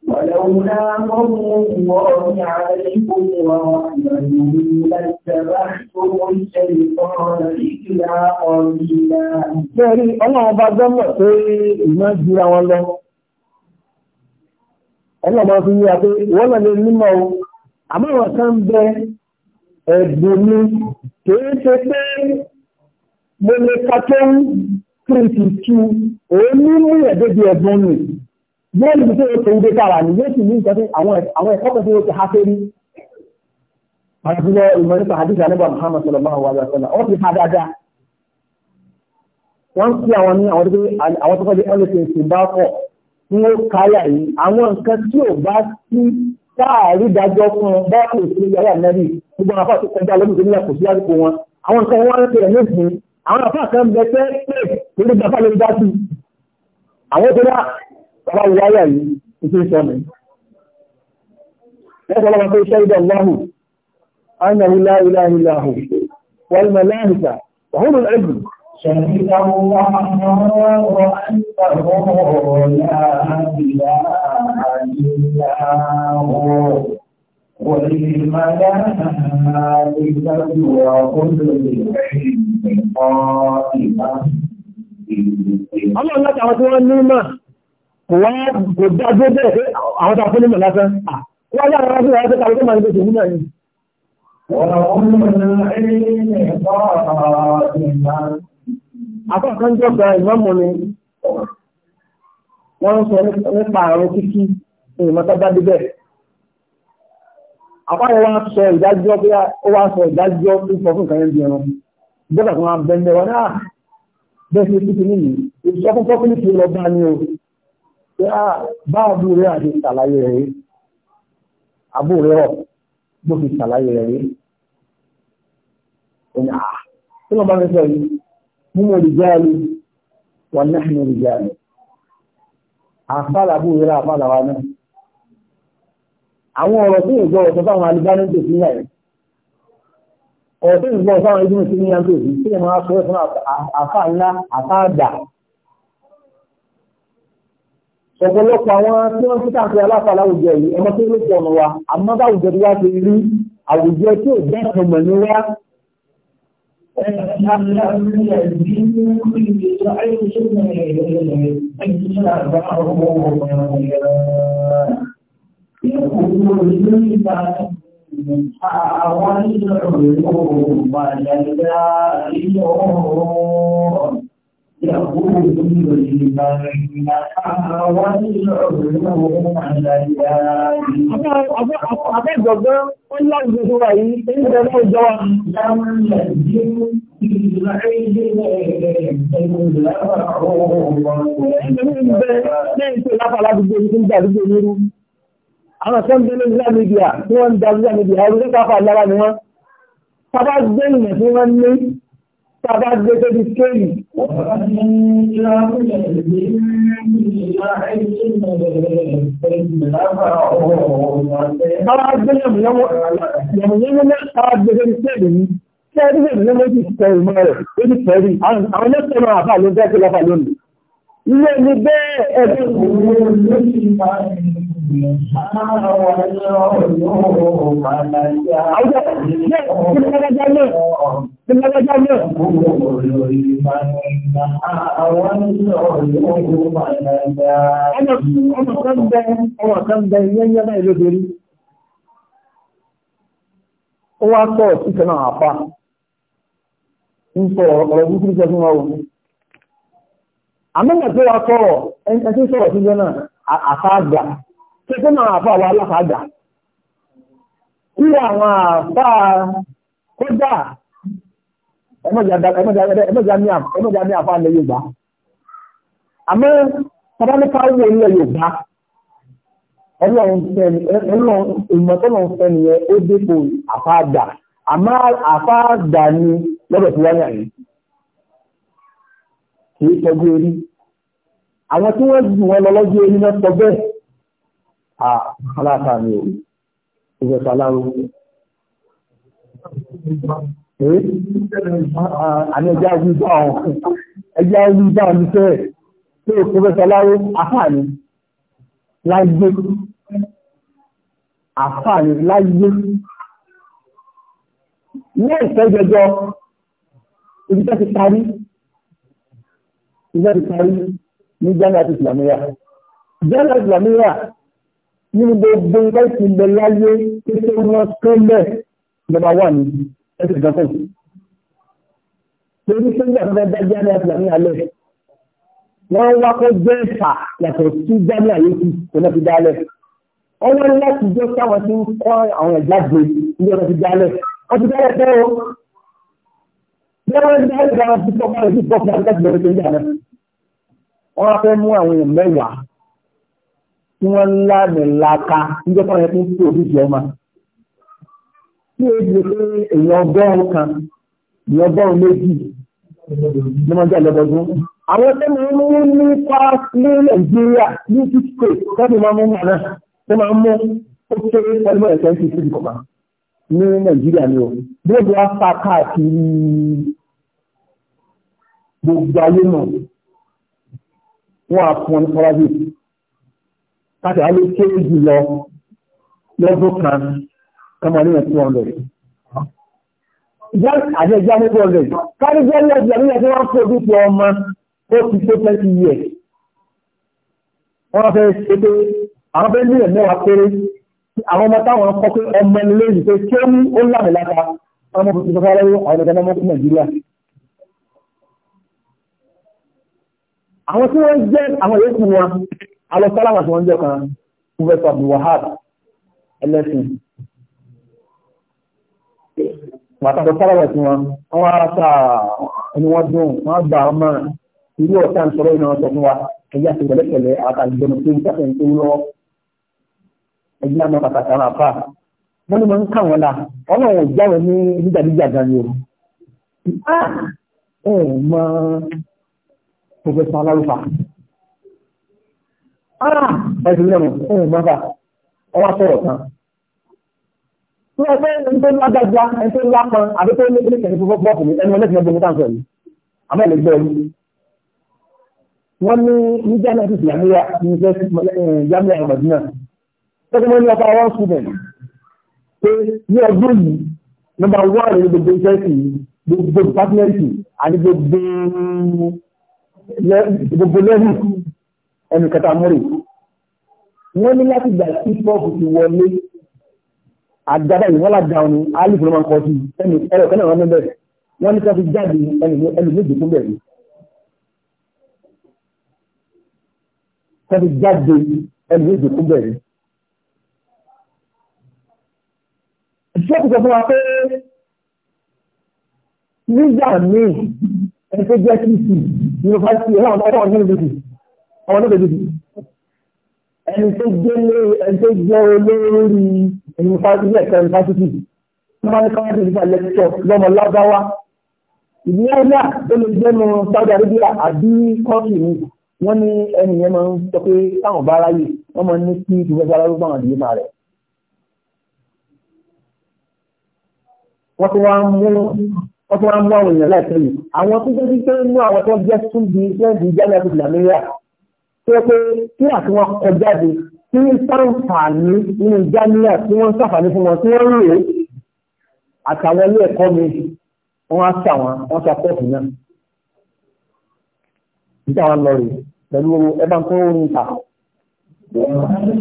Speaker 1: ولولا فضل الله عليكم ورحمته لاتبعتم الشيطان إلا قليلا. Bẹ́ẹ̀ni, ọlọ́run ọba gbọ́mọ̀ pé ìmọ̀ jura wọn lọ ẹni ọmọ fi yí apé wọ́n náà lè nímọ̀ o àmọ́ àwọn kan bẹ ẹ̀bùn mi kìí ṣe pé mo lè ka tó ń kìrìtì tu òun ní mú ẹ̀dẹ́gbẹ̀ ẹ̀bùn mi yóò níbi tó yẹ kó dé kára ni yóò sì ní nǹkan pé àwọn ẹ̀kọ́ kan tó yẹ kó há sórí. àjùlọ ìmọ̀ nípa àdìsá nípa Muhammad sallallahu alaihi wa sallam ọ̀ ti ha dáadáa. wọ́n ń pè àwọn ní àwọn tó kọjá ẹlẹ́sìn ìsìn bá pọ̀ tí ó káyà yìí àwọn nǹkan tí ò bá sí káàrí dájọ́ fún wọn bá kò sí yàrá mẹ́rin gbogbo àwọn afáàtò kọjá lọ́dún tó ní ẹ̀kọ́ sí àdúgbò wọn àwọn nǹkan wọn ń tẹ̀lé nìsín àwọn afáà kan bẹ pé pé lórí gbàgbà lórí dá sí àwọn tó dá bàbá wọ ayà yìí ìṣe sọ mi. ẹ̀sọ́ lọ́wọ́ pé iṣẹ́ ìdá ọláhù ánà ilá ilá ilá hù wọ́n mọ̀ láhìkà شهد Ọlọ́run láti àwọn tí wọ́n ní máa kò wá kò dájú bẹ́ẹ̀ àwọn tàbí ní màlásán. Wọ́n lára rárá sí àwọn tí tó máa ní bèèrè múnà yìí. Wọ́n akọ́kọ́jọ́gba ìmọ̀mù ni wọ́n ń sọ nípa àrùn kíkí ìmọ̀tọ́gbá bíbẹ̀. àpáyọ wá sọ ìdájọ́ pé ó wá sọ ìdájọ́ tó sọ fún ìkànnì ìrìn bọ́dà kan abẹ́lẹ̀ wọn náà ah, bẹ́ẹ̀ sí kíkí nìyí ìṣọ́ fún fọ́kúlì kí lọ bá ní o pé á bá àbú rẹ̀ àti ìtàlàyé rẹ̀ àbú rẹ̀ rọ̀ bó fi ìtàlàyé rẹ̀ rí. ó ní à ah, kí ló bá mi sọ yìí هم رجال wà رجال. nínú أبو àfàlàbù rẹ̀ àfàlàwà náà àwọn ọ̀rọ̀ tí ìgbọ́ ọ̀sọ̀ fáwọn alìbánú tó sí yàrá ọ̀rọ̀ tí ìgbọ́ fáwọn ìdúró sí yàrá tó sí tí ìmọ̀ aṣọ fún àfà ńlá àfà àgbà ọ̀pọ̀lọpọ̀ àwọn tí wọ́n títà pé aláfà láwùjọ yìí ẹmọ tó ló pọ̀ wa àmọ́ báwùjọ tí wá ti rí àwùjọ tí ò Àwọn ìlú ọ̀rọ̀ ìlú ọ̀rọ̀ wà lẹ́gbẹ̀ẹ́ ìlú ọ̀rọ̀. يقول لمن حاول العلوم Àwọn kan ní Islam media tí wọ́n ń da Islam media, àwọn lára ni wọ́n. Tàbá gbé ìyẹ̀ tí wọ́n ní Tàbá gbé tó bí kéèlì. Bára gbé yàmùyàmù tàbá gbé tó bí kéèlì ní. Kí a dígbé ìrìnlẹ́ méjì tẹ̀rù mọ́ rẹ̀, ó ti tẹ̀rù. Àwọn ilé tẹ̀rù àfà ló jẹ́ kí lọ́fà lónìí. Ó wá sọ náà àpá, ń sọ ọ̀rọ̀ búkú jẹ́ fún ọwọ́. Àmọ́ ìgbà tó wá sọ̀rọ̀, ẹni tí sọ̀rọ̀ sí jẹ́ náà, àfá Tẹ́tẹ́ náà àfà wa aláfàájà. Kí àwọn àfà kódà ẹmọ́jà ní àfà ilẹ̀ Yorùbá. Àmọ́ afọ wo ilẹ̀ Yorùbá, ọlọ́run ìmọ̀tọ́nà fẹ́ nìyẹn ó dépò àfáàdà. Àmọ́ àfáàdà ni lọ́dọ̀ tí wáyà yìí. Kìí sọ orí. Àwọn tí wọ́n lọ lọ́jọ́ orí náà aláàtàmì ò ìjọ sàláwò àní ẹjá wíjá ọ̀hún ẹjá wíjá ọ̀hún tẹ́ tí ó kúrò sàláwò àfààní láyé àfààní láyé ní ìfẹ́ jẹjọ ibi tẹ́ ti parí ibi tẹ́ ti parí ní jẹ́nà àti ìsìlámíyà jẹ́nà ìsìlámíyà nínú gbogbo nǹkan ti lọ láyé tó tó wọ́n kẹ́lẹ̀ ìjọba wà ní ẹsẹ̀ ìjọkùn. Torí pé nígbà tó fẹ́ dá Jamiu àti Làmí alẹ́, wọ́n wá kó jẹ́ ẹ̀fà yàtọ̀ sí Jamiu àyèkú tó náà fi dálẹ̀. Wọ́n wá ní láti jẹ́ káwọn tí ń kọ́ àwọn ìjáde ní ọ̀rọ̀ fi dálẹ̀. Wọ́n ti dálẹ̀ tẹ́ o. Bí wọ́n ti dálẹ̀ tẹ́ wọn ti pọ̀ fún àwọn ìdíkọ̀ fún àwọn ìdíkọ̀ fún àwọn ìdíkọ̀ tí wọ́n láàmì láka níjọ́ tó yẹ kí n tó ojúṣe ọmọ. Tí o di pé èèyàn ọgọ́rùn-ún kan, èèyàn ọgọ́rùn-ún méjì ni wọ́n jẹ́ lọ́dọọdún. Àwọn tó máa ń mú ní Kwara ní Nàìjíríà ní Kíkó tọ́jú máa ń mú màná tó máa ń mú ó kéré pẹ̀lú ẹ̀kẹ́ ń fi sí ìkọ̀mà ní Nàìjíríà ni o. Bí o bí wá fa káàkiri gbogbo ayé náà, wọ́n á fún ọ káṣà á lè kéré jù lọ lọ́dún kan kọmọ ní ẹ̀ 200 àti ẹja ní 200 kárígbẹ́ lẹ́gbẹ̀ẹ́ ní ẹ̀sẹ̀ wọ́n fẹ́ bíi ọmọ ó ti tó 20 years wọ́n fẹ́ ṣe pé àwọn fẹ́ nílẹ̀ mẹ́wàá péré àwọn ọmọ táwọn kọ́ pé ọmọ ẹni lóyìn pé kí ó ní ó lámìláta ọmọ tuntun fẹ́ lọ́wọ́ àwọn ọ̀dọ́ ọmọ Nàìjíríà àwọn tí wọ́n jẹ́ àwọn yòókù wọn alọ́sálàmà tí wọ́n jẹ́ kan professor abdulwahab ẹlẹ́sìn pàtàkì sálàmà tí wọ́n wọ́n ẹni wọ́n dùn wọ́n gbà fún wa ẹ̀yà ti gbẹ̀lẹ́kẹ̀lẹ́ pòfẹ́sọ̀ alárùfà ah ẹ̀sìn lẹ́nu ẹ̀yìn mọ́fà ọwọ́ sọ̀rọ̀ kan tí wọ́n fẹ́ ẹni tó lágbàgbà ẹni tó lápọ̀ àbí tó lébi kẹ̀kẹ́ tó fọ́ fún mi ẹni ọlẹ́sìn ọgbọ̀n nípa nǹkan yìí àmọ́ ẹ̀lẹ́ gbọ́ yìí wọ́n ní ní jẹ́nà ti yàmúyà ní ìfẹ́ yàmúyà ìmọ̀dúnà tọ́kọ́ mọ́ ní ọkọ̀ àwọn student pé ní ọdún yìí nọ́mbà wọ́n rẹ̀ gbogbo ìfẹ́ sí gbogbo pàtínẹ́sì àti gbogbo gbogbo lẹ́rù ẹnì kẹta múrì wọ́n ní láti gbà sí pọ́ọ̀pù ti wọlé àgbàdá ìwọ́n lágbà ọ̀nì alìfò ló máa ń kọ́ sí ẹnì ẹ̀rọ kẹ́nà wọn níbẹ̀ wọ́n ní ká fi jáde ẹnì méjì fún bẹ̀rẹ̀ ká fi jáde ẹnì méjì fún bẹ̀rẹ̀. Ìṣẹ́ kò sọ fún wa pé nígbà míì ẹni tó jẹ́ kí n sì yunifásitì ẹ̀rọ ọ̀dọ́ ọ̀dọ́ níbi ọmọ níbi níbi ẹni tó jẹ́ olórí yunifásitì ẹ̀ka yunifásitì máa ń káwọn ti nípa lẹ́kítọ̀ lọ́mọ lágbáwá ìdí ẹ̀rọ tó lè jẹ́ nu Saudi Arabia àbí kọ́ọ̀tù ni wọ́n ní ẹni yẹn máa ń sọ pé táwọn bá ráyè wọ́n máa ń ní kí ìfẹ́fẹ́ aráyé bá wọn dìé máa rẹ̀. wọ́n ti wá ń mú ọtún wa ń mú àwọn èèyàn láìpẹ́ yìí àwọn tó jẹ́ pé mú àwọn tó jẹ́ tún di lẹ́ẹ̀dì ìjáde àti ìlànà tó pé kí àti wọn kọ jáde kí ń sàǹfààní nínú ìjáníà tí wọ́n ń sàǹfààní fún wọn tí wọ́n ń rèé àtàwọn ilé ẹ̀kọ́ mi wọ́n á sà wọn wọ́n sọ pọ́ọ̀tù náà níta wọn lọ rè pẹ̀lú ẹ bá ń kó orin ta. Thank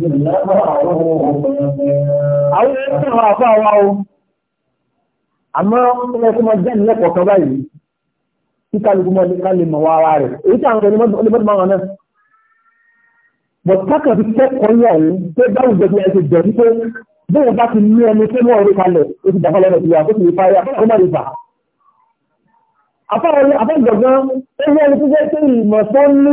Speaker 1: you àwọn ẹgbẹ́ wọn àfọ́ àwa o àmọ́ ilẹ̀ tó máa jẹ́ nílẹ̀kọ̀ kan báyìí kí kálukú mọ́ ní kálí mọ̀ wá ara rẹ̀ èyí tí àwọn ọ̀rẹ́ onímọ̀tò máa wọn náà bọ̀ tákà fi kẹ́kọ̀ọ́ yà ní pé báwo jẹ́ bí ẹ ti jẹ́ wípé bóun bá ti ní ẹni tó mọ̀ orí kalẹ̀ ó ti dàgbà lọ́dọ̀ ìyá tó ti lè parí àbọ̀ ọmọ ìfà afọ́ ìjọ̀gbọ́n ó ní ẹni tó jẹ́ pé ìmọ̀ tó ní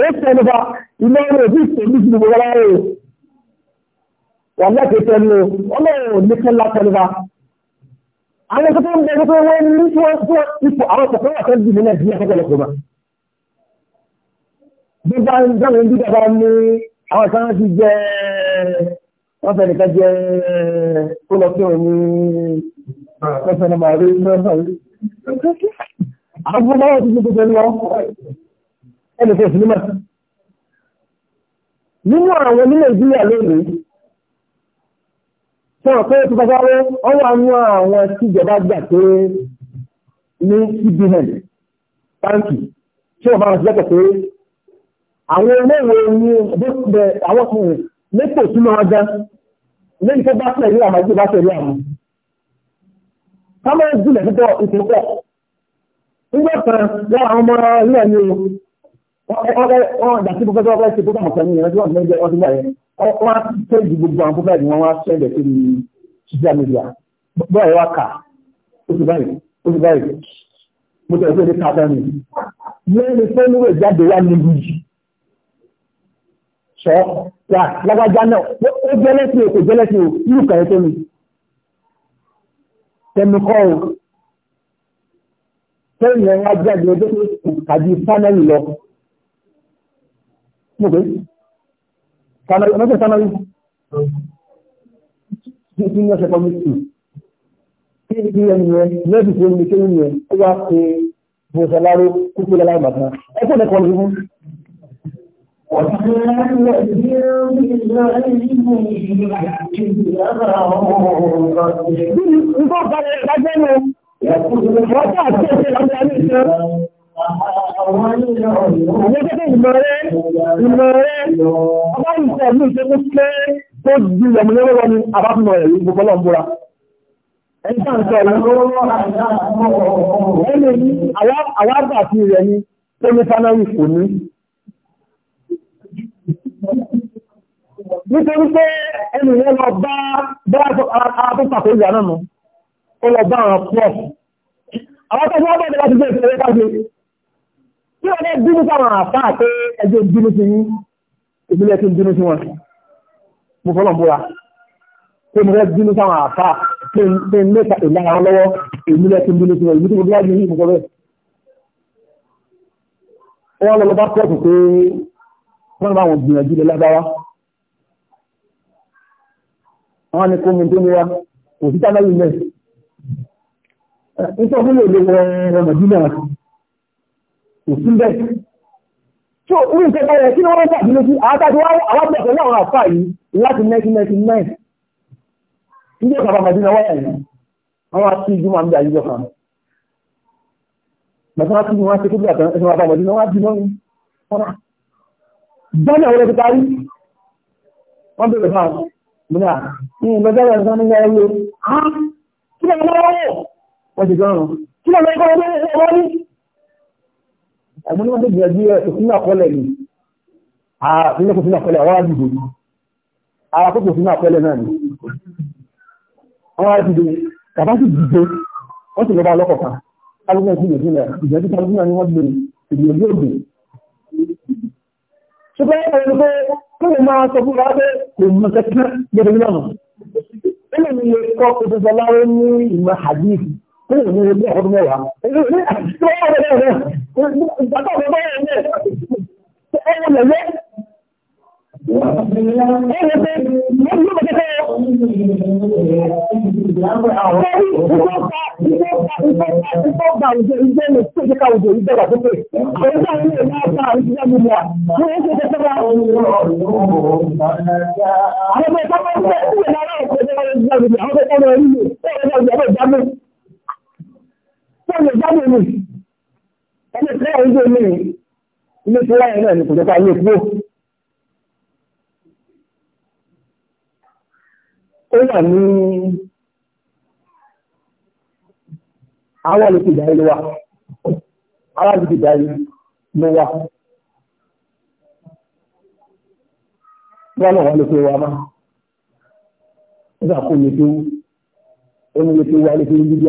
Speaker 1: tẹ́sẹ̀ni fa ilé ọ̀rọ̀ òbí ìṣèlú ti gbogbo wọn láàyè wọn lẹ́kẹ̀ tẹ́ni o ọlọ́run ní kẹ́lá tẹ́ni fa. àwọn ẹ̀kọ́ tó ń bẹ ẹ̀kọ́ wọn ní tí wọ́n tó ipò àwọn kọ̀ọ̀kan wà tẹ́lẹ̀ ní nàìjíríà kọ́kọ́ lọ́kọ̀ ma. bí bá ń dáhùn bí dábàá ní àwọn kan ti jẹ wọ́n fẹ́ nìkan jẹ kó lọ sí òní wọ́n fẹ́ ní màrí ní ọ̀sán yìí. àwọn fúnbọ́ọ̀ ti gbogbo ẹnì kan òsínú máa nínú àwọn ní nàìjíríà lónìí tí wọ́n tó bá sáré ọwọ́ àwọn àwọn tíjọba gbà pé ní cbn báńkì tí wọ́n bá wọn sílẹ̀ pé àwọn iléèwé ní ọdẹ àwọn ọkùnrin lẹ́tọ̀ lẹ́yìn tó bá ká máa jùlẹ̀ púpọ̀ nígbà kan lára àwọn ọmọ wọ́n dàtí pọ́fẹ́sọ́ ọ̀fẹ́ ṣe pọ́fẹ́ àmọ̀sán ní ìrẹsì ọ̀dún ẹgbẹ́ ọdún mẹ́rin wọ́n á tẹ́ ju gbogbo àwọn pọ́fẹ́ ìwọ̀n wá ṣẹlẹ̀ sí ní social media bẹ́ẹ̀ wá kà oṣù báyìí oṣù báyìí mo tẹ̀lé pé ní káàtà mi lẹ́yìn fẹ́ ló wẹ̀ jáde wá níbi yìí sọ wà lágbájá náà ó jẹ́lẹ́sì o kò jẹ́lẹ́sì o yóò kàrẹ́ tó mi tẹnukọ́ o tẹ́yìn ẹ̀ wá jáde ọjọ́ tó kàdí fánẹ́lì lọ mo pé sanari ọmọdé sanari tí ní ọ̀sẹ̀ kọ́mítì tí ní kí ẹni yẹn lẹ́bí tó ní kéwìn yẹn ó wá pé bòṣàláró kúkú lọ́la ìbàdàn ẹ kó lẹ́kọ̀ọ́ lórí fún. Nígbà Ìgbẹ́gbẹ́ ìmọ̀rẹ́, ìmọ̀rẹ́, ọba ìfẹ́ ìlú ìṣẹ́gbẹ́ pé tó ju ìyàmúlẹ́wọ́ lọ ní àbáfúnà ẹ̀rí gbogbo lọ́mbúra. Ẹni tàà ń sọ ẹ̀rí, àwọn àgbà àti rẹ̀ ní Tẹ́mítánárì kò ní. Nítorí pé ẹni yẹn lọ bá bá àtúntàkó ìyà náà mú, ó lọ bá àwọn pọ̀. Àwọn tó wọ́n bẹ̀rẹ̀ láti gbé ìfẹ́ Tí wọ́n lẹ́ bínú sáwọn àfáà pé ẹjọ́ bínú sí yín, ìbílẹ̀ tí ń bínú sí wọn. Mo fọ́lọ̀ búra. Pé mo fẹ́ bínú sáwọn àfáà pé ń mẹ́ta ìlànà wọn lọ́wọ́, ìbílẹ̀ tí ń bínú sí wọn. Ìbí tí mo bí wájú yìí mo sọ bẹ́ẹ̀. Wọ́n lọ lọ bá pọ̀ pé wọ́n bá wọn gbìyànjú lọ lágbára. Wọ́n ní kó mi tó ní wa, kò sí tábàlì mẹ́. Nítorí ó lè wọ ọmọdé náà kò sí bẹ́ẹ̀. tó ní nǹkan tó yẹ kí wọ́n rọ́ṣà bí lójú àátàdé wá àwọn àgbẹ̀ pẹ̀lú àwọn àfà yìí láti 1999 nígbà bàbá màdínà wáyà yìí wọ́n wá sí ìjùmọ̀ àmì àyíjọ kan bàtà wá sí ìjùmọ̀ àti kébìlà tán ẹ̀sìn bàbá màdínà wá jùmọ̀ ní ọ̀nà bọ́ọ̀nà wọlé ti parí wọ́n bèèrè fún àwọn múlá ní ìgbẹ́gbẹ́rẹ̀ nǹkan nílẹ̀ ẹ̀rọ kí lè lọ́wọ́ wọ́n ti gbọ́rùn kí lè lọ́wọ́ ẹ̀gbọ́n ní wọ́n tó gbìyànjú ẹ̀ kò sínú àkọọ́lẹ̀ ni àbílẹ̀ kò sínú àkọọ́lẹ̀ àwọn àdìgbò ni ara kò sínú àkọọ́lẹ̀ náà ni àwọn àdìgbò bàbá sì dìde wọ́n sì lọ́ba ọlọ́kọ̀ kan alùpùpù ẹ̀sìn ìgbìyànjú náà ìgbìyànjú kálukú náà ni wọ́n gbé ìgbìyànjú ògbè ṣùgbọ́n ẹni pé kí ni máa sọ fún wa pé kò mọ kẹ́kẹ́ gbẹdẹ nínú ọ̀nà kúrò ní ilé ọdún mẹ́wàá. Àwọn ọmọ ìgbàgbọ́ ń bẹ̀rẹ̀ sí ìlànà ìpèsè ọmọ ìgbàgbọ́ ìgbàgbọ́ ìgbàgbọ́ lè jáde mi ẹni tí wọ́n ń gbé mi ilé tí wọ́n ń náà ni kò jẹ́ ká ilé kúrò. ó wà ní àwọn olùkìdá ilé wa àwọn olùkìdá ilé wa wọ́n náà wọ́n lè fi wa máa nígbà kó lè fi wú ó ní lè fi wá lè fi wú bíbí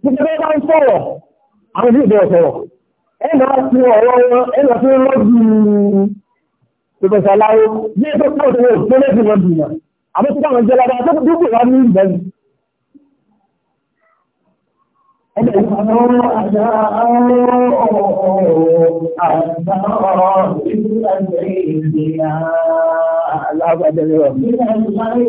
Speaker 1: Gbogbo bá ń sọ̀rọ̀, àwọn ìlú ìbẹ̀rẹ̀ sọ̀rọ̀. Ẹnà tí káwọn jẹ́ tó kú dúkù wá ní ìbẹ̀rẹ̀. Ẹgbẹ̀ ìfọ̀nà àjá àwọn ọ̀rọ̀ àjá ọ̀rọ̀ alábàdẹ́lẹ́wà. Àwọn ẹgbẹ́ àbá wa o,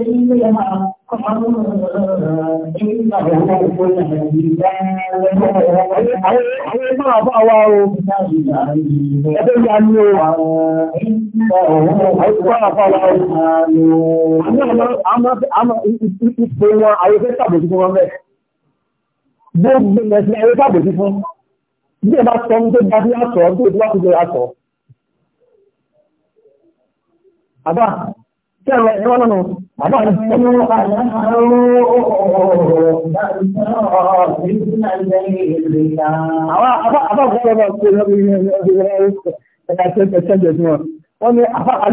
Speaker 1: ẹgbẹ́ ìyá ni o, àwọn ẹgbẹ́ àbá wa o. Àmọ́ ìpò wọn, àwọn ẹgbẹ́ tàbí fún wọn bẹ́ẹ̀. Gbogbo ẹ̀sìn ẹgbẹ́ tàbí fún. Bí ẹ bá sọ ní tó bá fi àtọ̀, tó bá fi jẹ àtọ̀ àbá kẹrọ ẹ̀rọ lọ́nà àbá ẹni wọ́n ni àbá aláwọ̀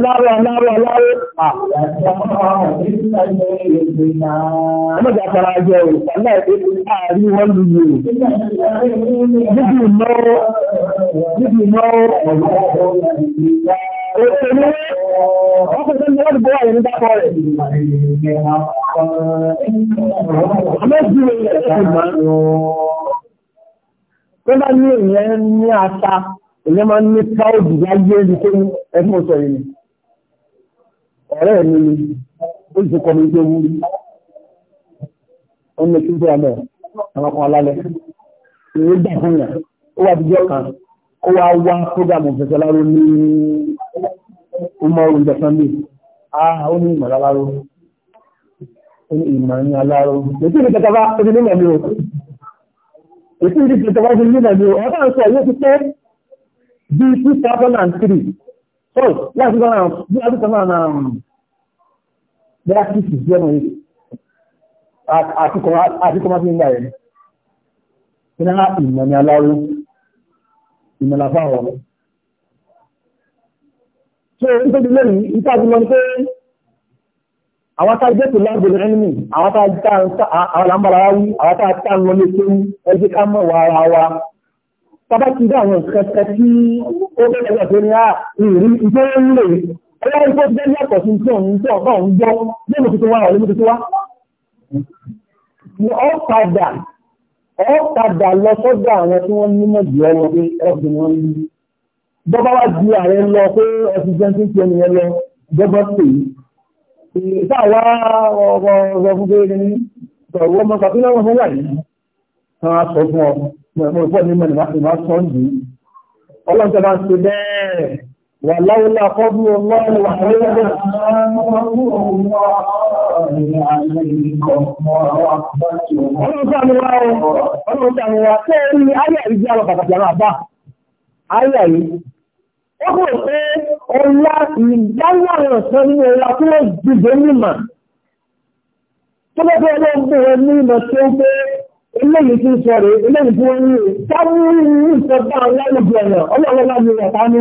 Speaker 1: aláwọ̀ aláwọ̀ àmọ́jà tara jẹ́ ìpàlẹ̀ ààrí wọ́n lù yìí níbi ìmọ́ níbi ìmọ́ ọ̀rọ̀ Òṣèlú ọkùnrin ni wọ́n ti bọ́wà ní dákọ̀ rẹ̀. Àmọ́jú Tó bá ní èèyàn ní àṣà, èèyàn máa ní káòdì láyé ẹni tó ní ẹgbùn ọ̀sọ̀ ìrìn. Ọ̀rẹ́ mi ni, ó ti ó wá wá prógámù fẹsẹ̀láró ní umaru jẹ́sánlé ah ó ní ìmọ̀ aláró ó ní ìmọ̀ ní aláró ètí ìdí kẹta bá ó ní nímọ̀ mi o ètí ìdí kẹta bá ó ní nímọ̀ mi o ọ̀tá ń sọ yóò ti pẹ́ bí 2003 so láti sọ náà bí adúgbò náà náà bẹ́ẹ̀ kí sì jẹ́ mọ̀ yìí àti kọ́má sí ní ìmọ̀ ní ìmọ̀láfà wọn. Ṣé orí tó di lẹ́yìn ìta ti lọ ní pé àwọn tá a jẹ́ tó lágbo lẹ́yìn mi, àwọn tá a ta àwọn làǹbàrà wá wí, àwọn tá a ta ń lọ ní pé ẹgbẹ́ ká mọ̀ wá ara wa. Tábà ti dá àwọn nǹkan kan tí ó bẹ̀rẹ̀ lọ pé ní à ìrírí ìgbé ń lè. Ẹlẹ́rìí tó jẹ́ yàtọ̀ sí tí òun tó ọ̀gá òun gbọ́, bí mo tuntun wá ọ̀lẹ́ mo tuntun wá. Mo ọ́ padà ẹ padà lọ sọ́dọ̀ àwọn tí wọ́n nímọ̀ jù ọ́ lọ pé ẹ̀sìn wọn lù bọ́bá wá di ààrẹ lọ pé ẹ̀sìn jẹ́ tí ń ṣe nìyẹn lọ gbọ́gbọ́ pè é ìtàwá ọ̀rọ̀ ọ̀rọ̀ fún pé ní ọ̀rọ̀ ọmọ kàfí lọ́wọ́ fún wà yìí kan á sọ fún ọ mo ìfọ́ ní mọ̀ nípa ìmọ̀ sọ́ọ̀dì ọlọ́run tó ń ṣe bẹ́ẹ̀ ولولا فضل الله وحيده Ọkùn pé ọlá ìdáwọ̀rọ̀ sọ ní ọlá tó lọ jùgbé mímọ̀. Tó bẹ́ fẹ́ ọlọ́ ọgbọ̀n rẹ̀ ní ìmọ̀ tí ó pé eléyìí tí ń sọ rẹ̀, eléyìí tí ó ń rí, táwọn ìrìn ìsọ̀dá ọlá ìjọ̀nà, ọlọ́ọ̀lọ́lá ni ọ̀tánú.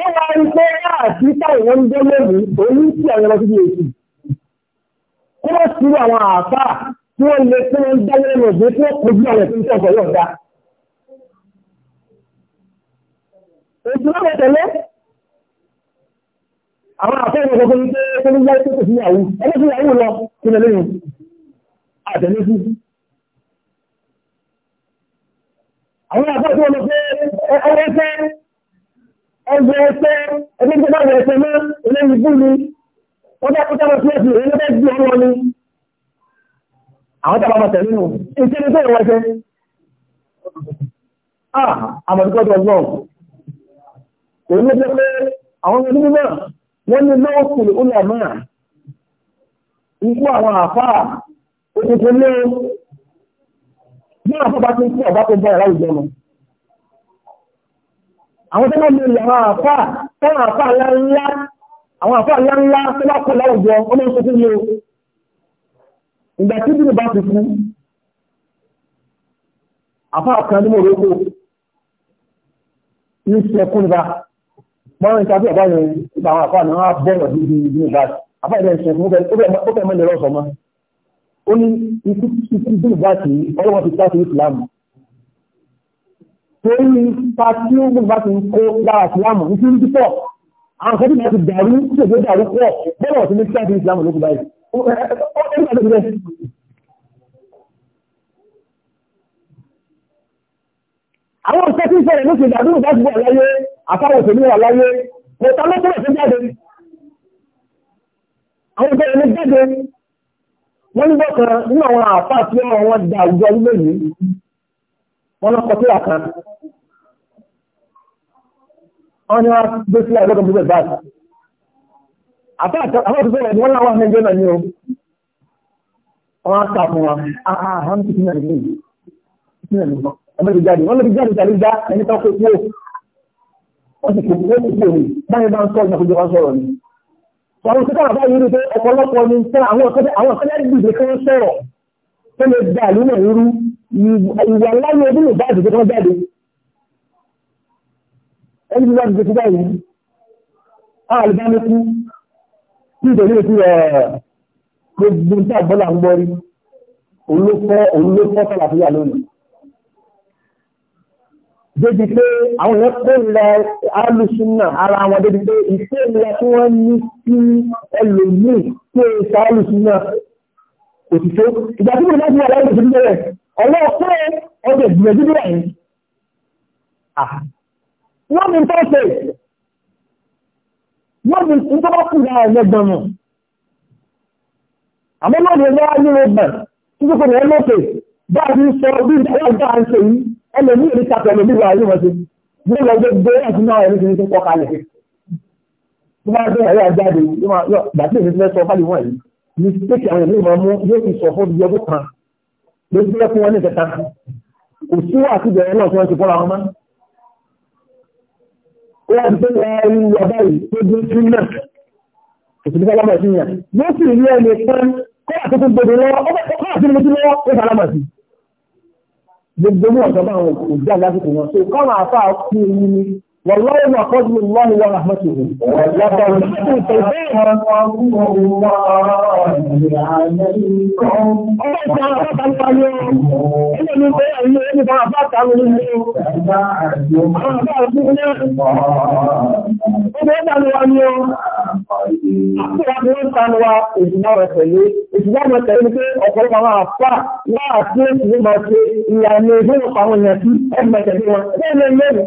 Speaker 1: wọ́n wá ń pé àti táwọn ń délé mi òun sí àwọn ọmọ síbi èsì kí wọ́n sí àwọn àáfà tí wọ́n lè fún wọn dá lẹ́nu ọ̀gbẹ́ tí wọ́n kojú àwọn ẹ̀sìn tó ọ̀gbọ̀n yọ̀ọ̀dá. èsì náà lè tẹ̀lé àwọn àáfà ìwọ̀n gbogbo ní pé kí wọ́n yára tó kò sí ìyàwó ẹni tí ìyàwó lọ kí lè lẹ́yìn àtẹ̀lé sí. àwọn àáfà tí wọ́n lọ pé ọwọ́ fẹ́ ẹgbẹ́ ẹgbẹ́ ẹgbẹ́ tó bá wọ ẹsẹ̀ mọ́ olóyìn bú ni wọ́n bá kúta wọn sí ẹ̀sìn ìrìn lọ́dẹ́ bí ọwọ́ ni. àwọn tábà máa tẹ̀lé nù ìṣẹ́ ni tó wọ ẹsẹ̀. Ah, àmọ̀dúkọ́ tó lọ òun ló pé àwọn ọmọ onímọ̀ náà wọ́n ní lọ́wọ́ kùlù ó lẹ̀ máa ikú àwọn àfáà òtútù lé bí àfọ́ bá ti ń kú ọ̀bá tó bá ẹ̀ láwùjọ mọ́ àwọn tó máa lè àwọn àfà táwọn àfà ńláńlá àwọn àfà ńláńlá tó bá kọ́ láwùjọ ó máa ń sọ fún mi o ìgbà tí bíbí bá ti fún àfà kan ní mo rò ó ní sẹkún nípa mọ́rin tàbí àbáyọ̀ ìgbà àwọn àfà náà á I bíbí bíbí bá àfà ìdẹ̀ sẹkún ó fẹ́ mọ́ lè rọ̀ sọ mọ́ ó ní ikú bíbí bá ti ọlọ́wọ́ ti sá sí ìsìlámù torí ipa tí ó gbogbo ti ń kó lára ìsìlámù ní kí pọ̀ àwọn kan tí wọ́n ti dàrú tí òjò dàrú pọ̀ bọ́lá ọ̀tún ní sáàtì ìsìlámù ló kú báyìí. àwọn òṣìṣẹ́ tí ń sọ̀rọ̀ ló ṣe dàrú ìgbà tí wọ́n láyé àtàwọn òṣèlú wà láyé mọ̀tà ló tẹ̀lé wọ́n lọ́kọ̀ tí àkà wọ́n ni wọ́n gbé sílẹ̀ lọ́kọ̀ tó bẹ̀ báyìí àwọn òṣìṣẹ́ rẹ̀ ni wọ́n láwọn ẹgbẹ́ náà ní o wọ́n á kà fún wa ah, ah, àwọn ti fi náà lè fi náà lè bọ́ ọmọ ti jáde wọ́n lè fi jáde tàbí já ẹni tó kó kúrò wọ́n ti kó kúrò kúrò ní báyìí bá ń sọ ìjà kojú wa sọ̀rọ̀ ni àwọn òṣìṣẹ́ rẹ̀ báyìí rí pé ọ̀pọ̀lọpọ̀ ni àwọn ọ̀kọ́dẹ́ àwọn ọ̀kọ́dẹ́ ìwà ńlá ní ọdún ìbá àti ìjọba jáde ẹni tí wọ́n ti ti báyìí alìbánikú tí ìtòlú ètò ẹ̀ gbogbo tí àgbọ́là ń gbọ́rí olóòfọ́ sàlàfíà lónìí débi pé àwọn èèyàn kó lẹ alùsùnà ara wọn débi pé ìfẹ́ ìlẹ tí wọ́n ní sí ẹlòmíì tí ó sa alùsùnà òtítọ́ ìgbà tí mo ní láti wà láì lòsùn bẹ̀rẹ̀ ọwọ́ pé ọdẹ ìgbìyànjú dídí rẹ̀ yìí wọ́n ní tó ṣe wọ́n ní tó bá kù náà lẹ́gbọ̀n nù àmọ́ náà ní ẹgbẹ́ ayé rẹ̀ bẹ̀ títí kò ní ẹ lókè bá a ti sọ bí ìdájọ́ ọjọ́ à ń ṣe yìí ẹlòmí ìrí tapẹ̀ lòmí ìwà ayé wọn ṣe ní ìlọ gbogbo ẹ̀sìn náà ẹni tuntun kọ́ kalẹ̀ tó bá dé ẹ̀rọ àjáde yóò gbàtí ìrẹsì lẹ́sọ̀ fáliwọ̀n yìí ní tẹ́kì àwọn ìlú ìmọ̀ mú yóò ti sọ fún ibi ọdún kan ló sílẹ̀ fún wọn ní ìtẹ̀ta kò sí àtijọ́ náà tí wọ́n ti fọ́ra wọn mọ́. ó wá pé ẹni ọba yìí tó dé sí náà kò sí ní sálámà sí yàn yóò sì rí ẹni kan kó àtúntò gbòdò lọ́wọ́ ó bẹ̀ kọ́ àti ní ojú lọ́wọ́ ó sálámà sí. gbogbo mú ọ̀sán báwọn kò já lásìkò wọn so káwọn àfa kú ewu ni والله ما فضل الله ورحمته لقد Ìjọba tẹ̀lé pé ọ̀pọ̀lọpọ̀ àwọn àfà láàá tí ó ti ní máa ṣe ìlànà ìfowópamọ́ ìyàtí ẹgbẹ̀tẹ̀lé wọn. Bẹ́ẹ̀ ni mẹ́rin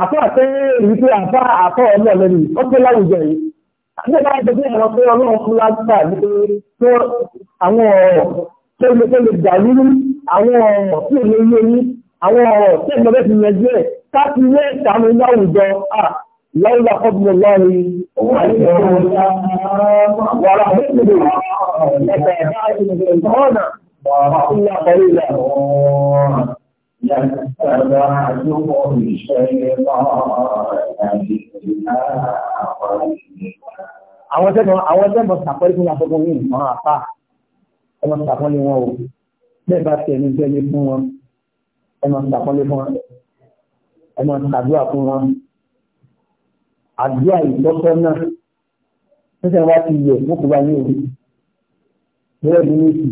Speaker 1: àfọ́ àti èyí tí àfá àfọ́ ọmọ lẹ́nu ó gbé láwùjọ yìí àti ìgbà àjọ bí ẹ̀rọ pé ọlọ́run fún lágbà ní pé àwọn ọ̀rọ̀ tó lè tó lè dà lórí àwọn ọ̀rọ̀ tí ò lè yé yín àwọn ọ̀rọ̀ tí ìgbà bẹ́ẹ̀ fi yanjú ẹ̀ káàkiri ilé ìtàmì láwùjọ à lọ́wọ́ ọ̀gbọ̀n lọ́rin wàrà mẹ́tìlì ẹ̀bẹ̀ ẹ̀bá ìlú ọ̀nà wàrà ìlú àbẹ̀rẹ̀ يتبعهم الشيطان إلا àwọn tẹ́nu àwọn tẹ́nu sàpẹ́lú fún àfẹ́kùn ní ìmọ̀ àpá ẹmọ sàpọ́lé wọn o bẹ́ẹ̀ bá tẹ̀lé tẹ́lé fún wọn ẹmọ sàpọ́lé fún wọn ẹmọ sàdúrà fún wọn àdúrà ìtọ́tọ́ náà níṣẹ́ wá ti yẹ mọ́kù bá ní òbí bẹ́ẹ̀ bí ní ìsì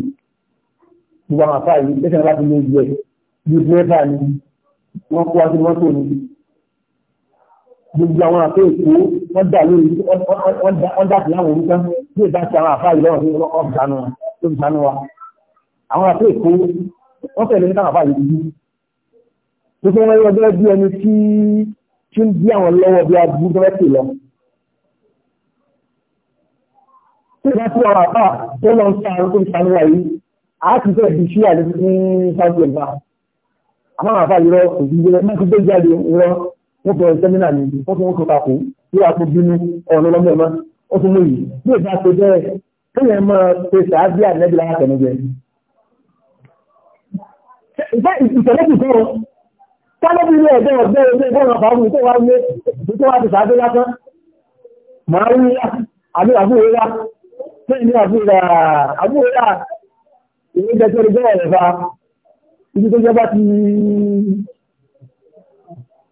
Speaker 1: gbogbo àwọn àpá yìí níṣẹ́ wá ti bíi mẹ́ta ni wọ́n kó wájú mọ́tò ni gbogbo àwọn àpé èkó wọ́n dà lórí wọ́n dà sí àwọn orúkọ bí ìbá ti àwọn àfáà ìlọ́wọ́ sí ọ̀gbánu tó ń sánú wa àwọn àpé èkó wọ́n fẹ̀lẹ́ ní káwọn yìí dúdú tó fẹ́ wọ́n yọ bí ẹni tí ń bí àwọn lọ́wọ́ bí aburú tó fẹ́ lọ. tí ìbá ti àwọn àfáà tó lọ ń sá àwọn tó ń sánú wa yìí àá ti fẹ́ àwọn àfà ìrọ òjìjẹ mẹ́kún tó jáde ìrọ wọ́n fọ sẹ́mínà ní ibi wọ́n tún wọ́n tó takò yóò àpò bínú ọ̀rọ̀ lọ́mọ ẹ̀mọ́ ó tún mú yìí bí ìfà ṣe bẹ́ẹ̀ kéèyàn máa ṣe sàábíà nẹ́bí lára tẹ̀lé jẹ. ìfẹ́ ìṣẹ̀lẹ̀ kì í sọ̀rọ̀ kálọ́bì ilé ẹ̀dẹ́ ọ̀gbẹ́ ilé ìfọ̀nà fàáfù tó wá ní tó wá ti sàábí lásán màá rí àbí àbúrò rà ibi tó jẹ́ bá ti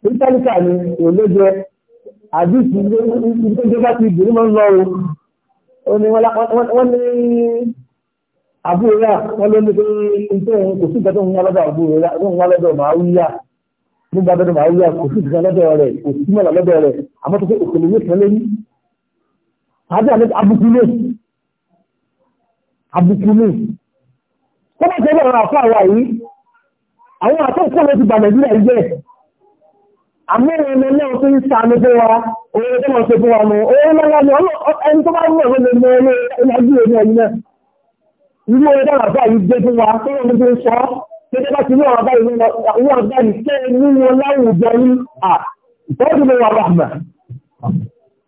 Speaker 1: ìtàlíkà ni òlójẹ àdìsí ibi tó jẹ́ bá ti ìbìrí mọ́ ń lọ o ní wọ́n ní àbúrò rà wọ́n ló ní pé iṣẹ́ òun kò sí ìgbàtọ̀ òun lọ́dọ̀ àbúrò rà òun wá lọ́dọ̀ màá wúyà ní bá lọ́dọ̀ màá wúyà kò sí ìgbà lọ́dọ̀ rẹ̀ kò sí mọ́lá lọ́dọ̀ rẹ̀ àmọ́ tó pé òkèlè yóò tẹ́lé ní àbí àbí abúkú ní abúkú ní kọ́mọ̀tẹ́ bẹ̀rẹ̀ àfọ àwa yìí àwọn àtọ́kọ́ ló ti bà nàìjíríà jẹ́ àmúrin ẹni náà tó ń sàánú fún wa orin tó mọ̀ sí fún wa mú orin lọ́wọ́ ni ẹni tó bá mú ọ̀rọ̀ lè mọ orí ìlàjúwò ní ẹni náà ilé orin dára bá yìí jẹ́ fún wa tó wọ́n tó ń sọ tẹ́tẹ́ bá ti ní ọ̀rọ̀ báyìí ní ọ̀rọ̀ báyìí tẹ́ ní wọn láwùjọ ní à ìtọ́jú ló wà bàbà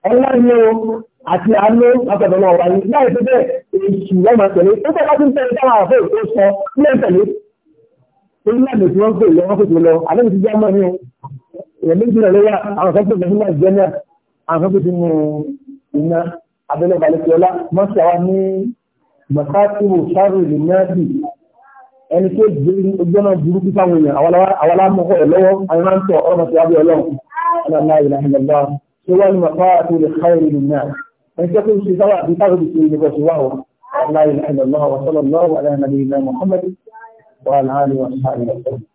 Speaker 1: ẹ̀lá ni o àti àánú látọ̀dọ̀ náà wáyé láì ìlànà tí wọ́n pè lọ wọ́n pèsè lọ alẹ́ ti já mọ́ ní èèyàn méjì náà lọ́wọ́ àwọn kan pèsè nígbà jẹ́ náà àwọn kan pèsè ní iná abẹ́lẹ̀ balẹ̀kẹ́lá wọ́n ṣe àwa ní mọ̀sáàtìwò sáré lè náà bì ẹni tó gbé ojú ọ̀nà burúkú sáwọn èèyàn àwọn alámọ̀kọ́ ẹ̀ lọ́wọ́ àwọn máa ń tọ̀ ọ̀rọ̀ sí abẹ́ ọlọ́run ọ̀nà láìláìlá ẹni tó wà ní وعلى آله وصحبه وسلم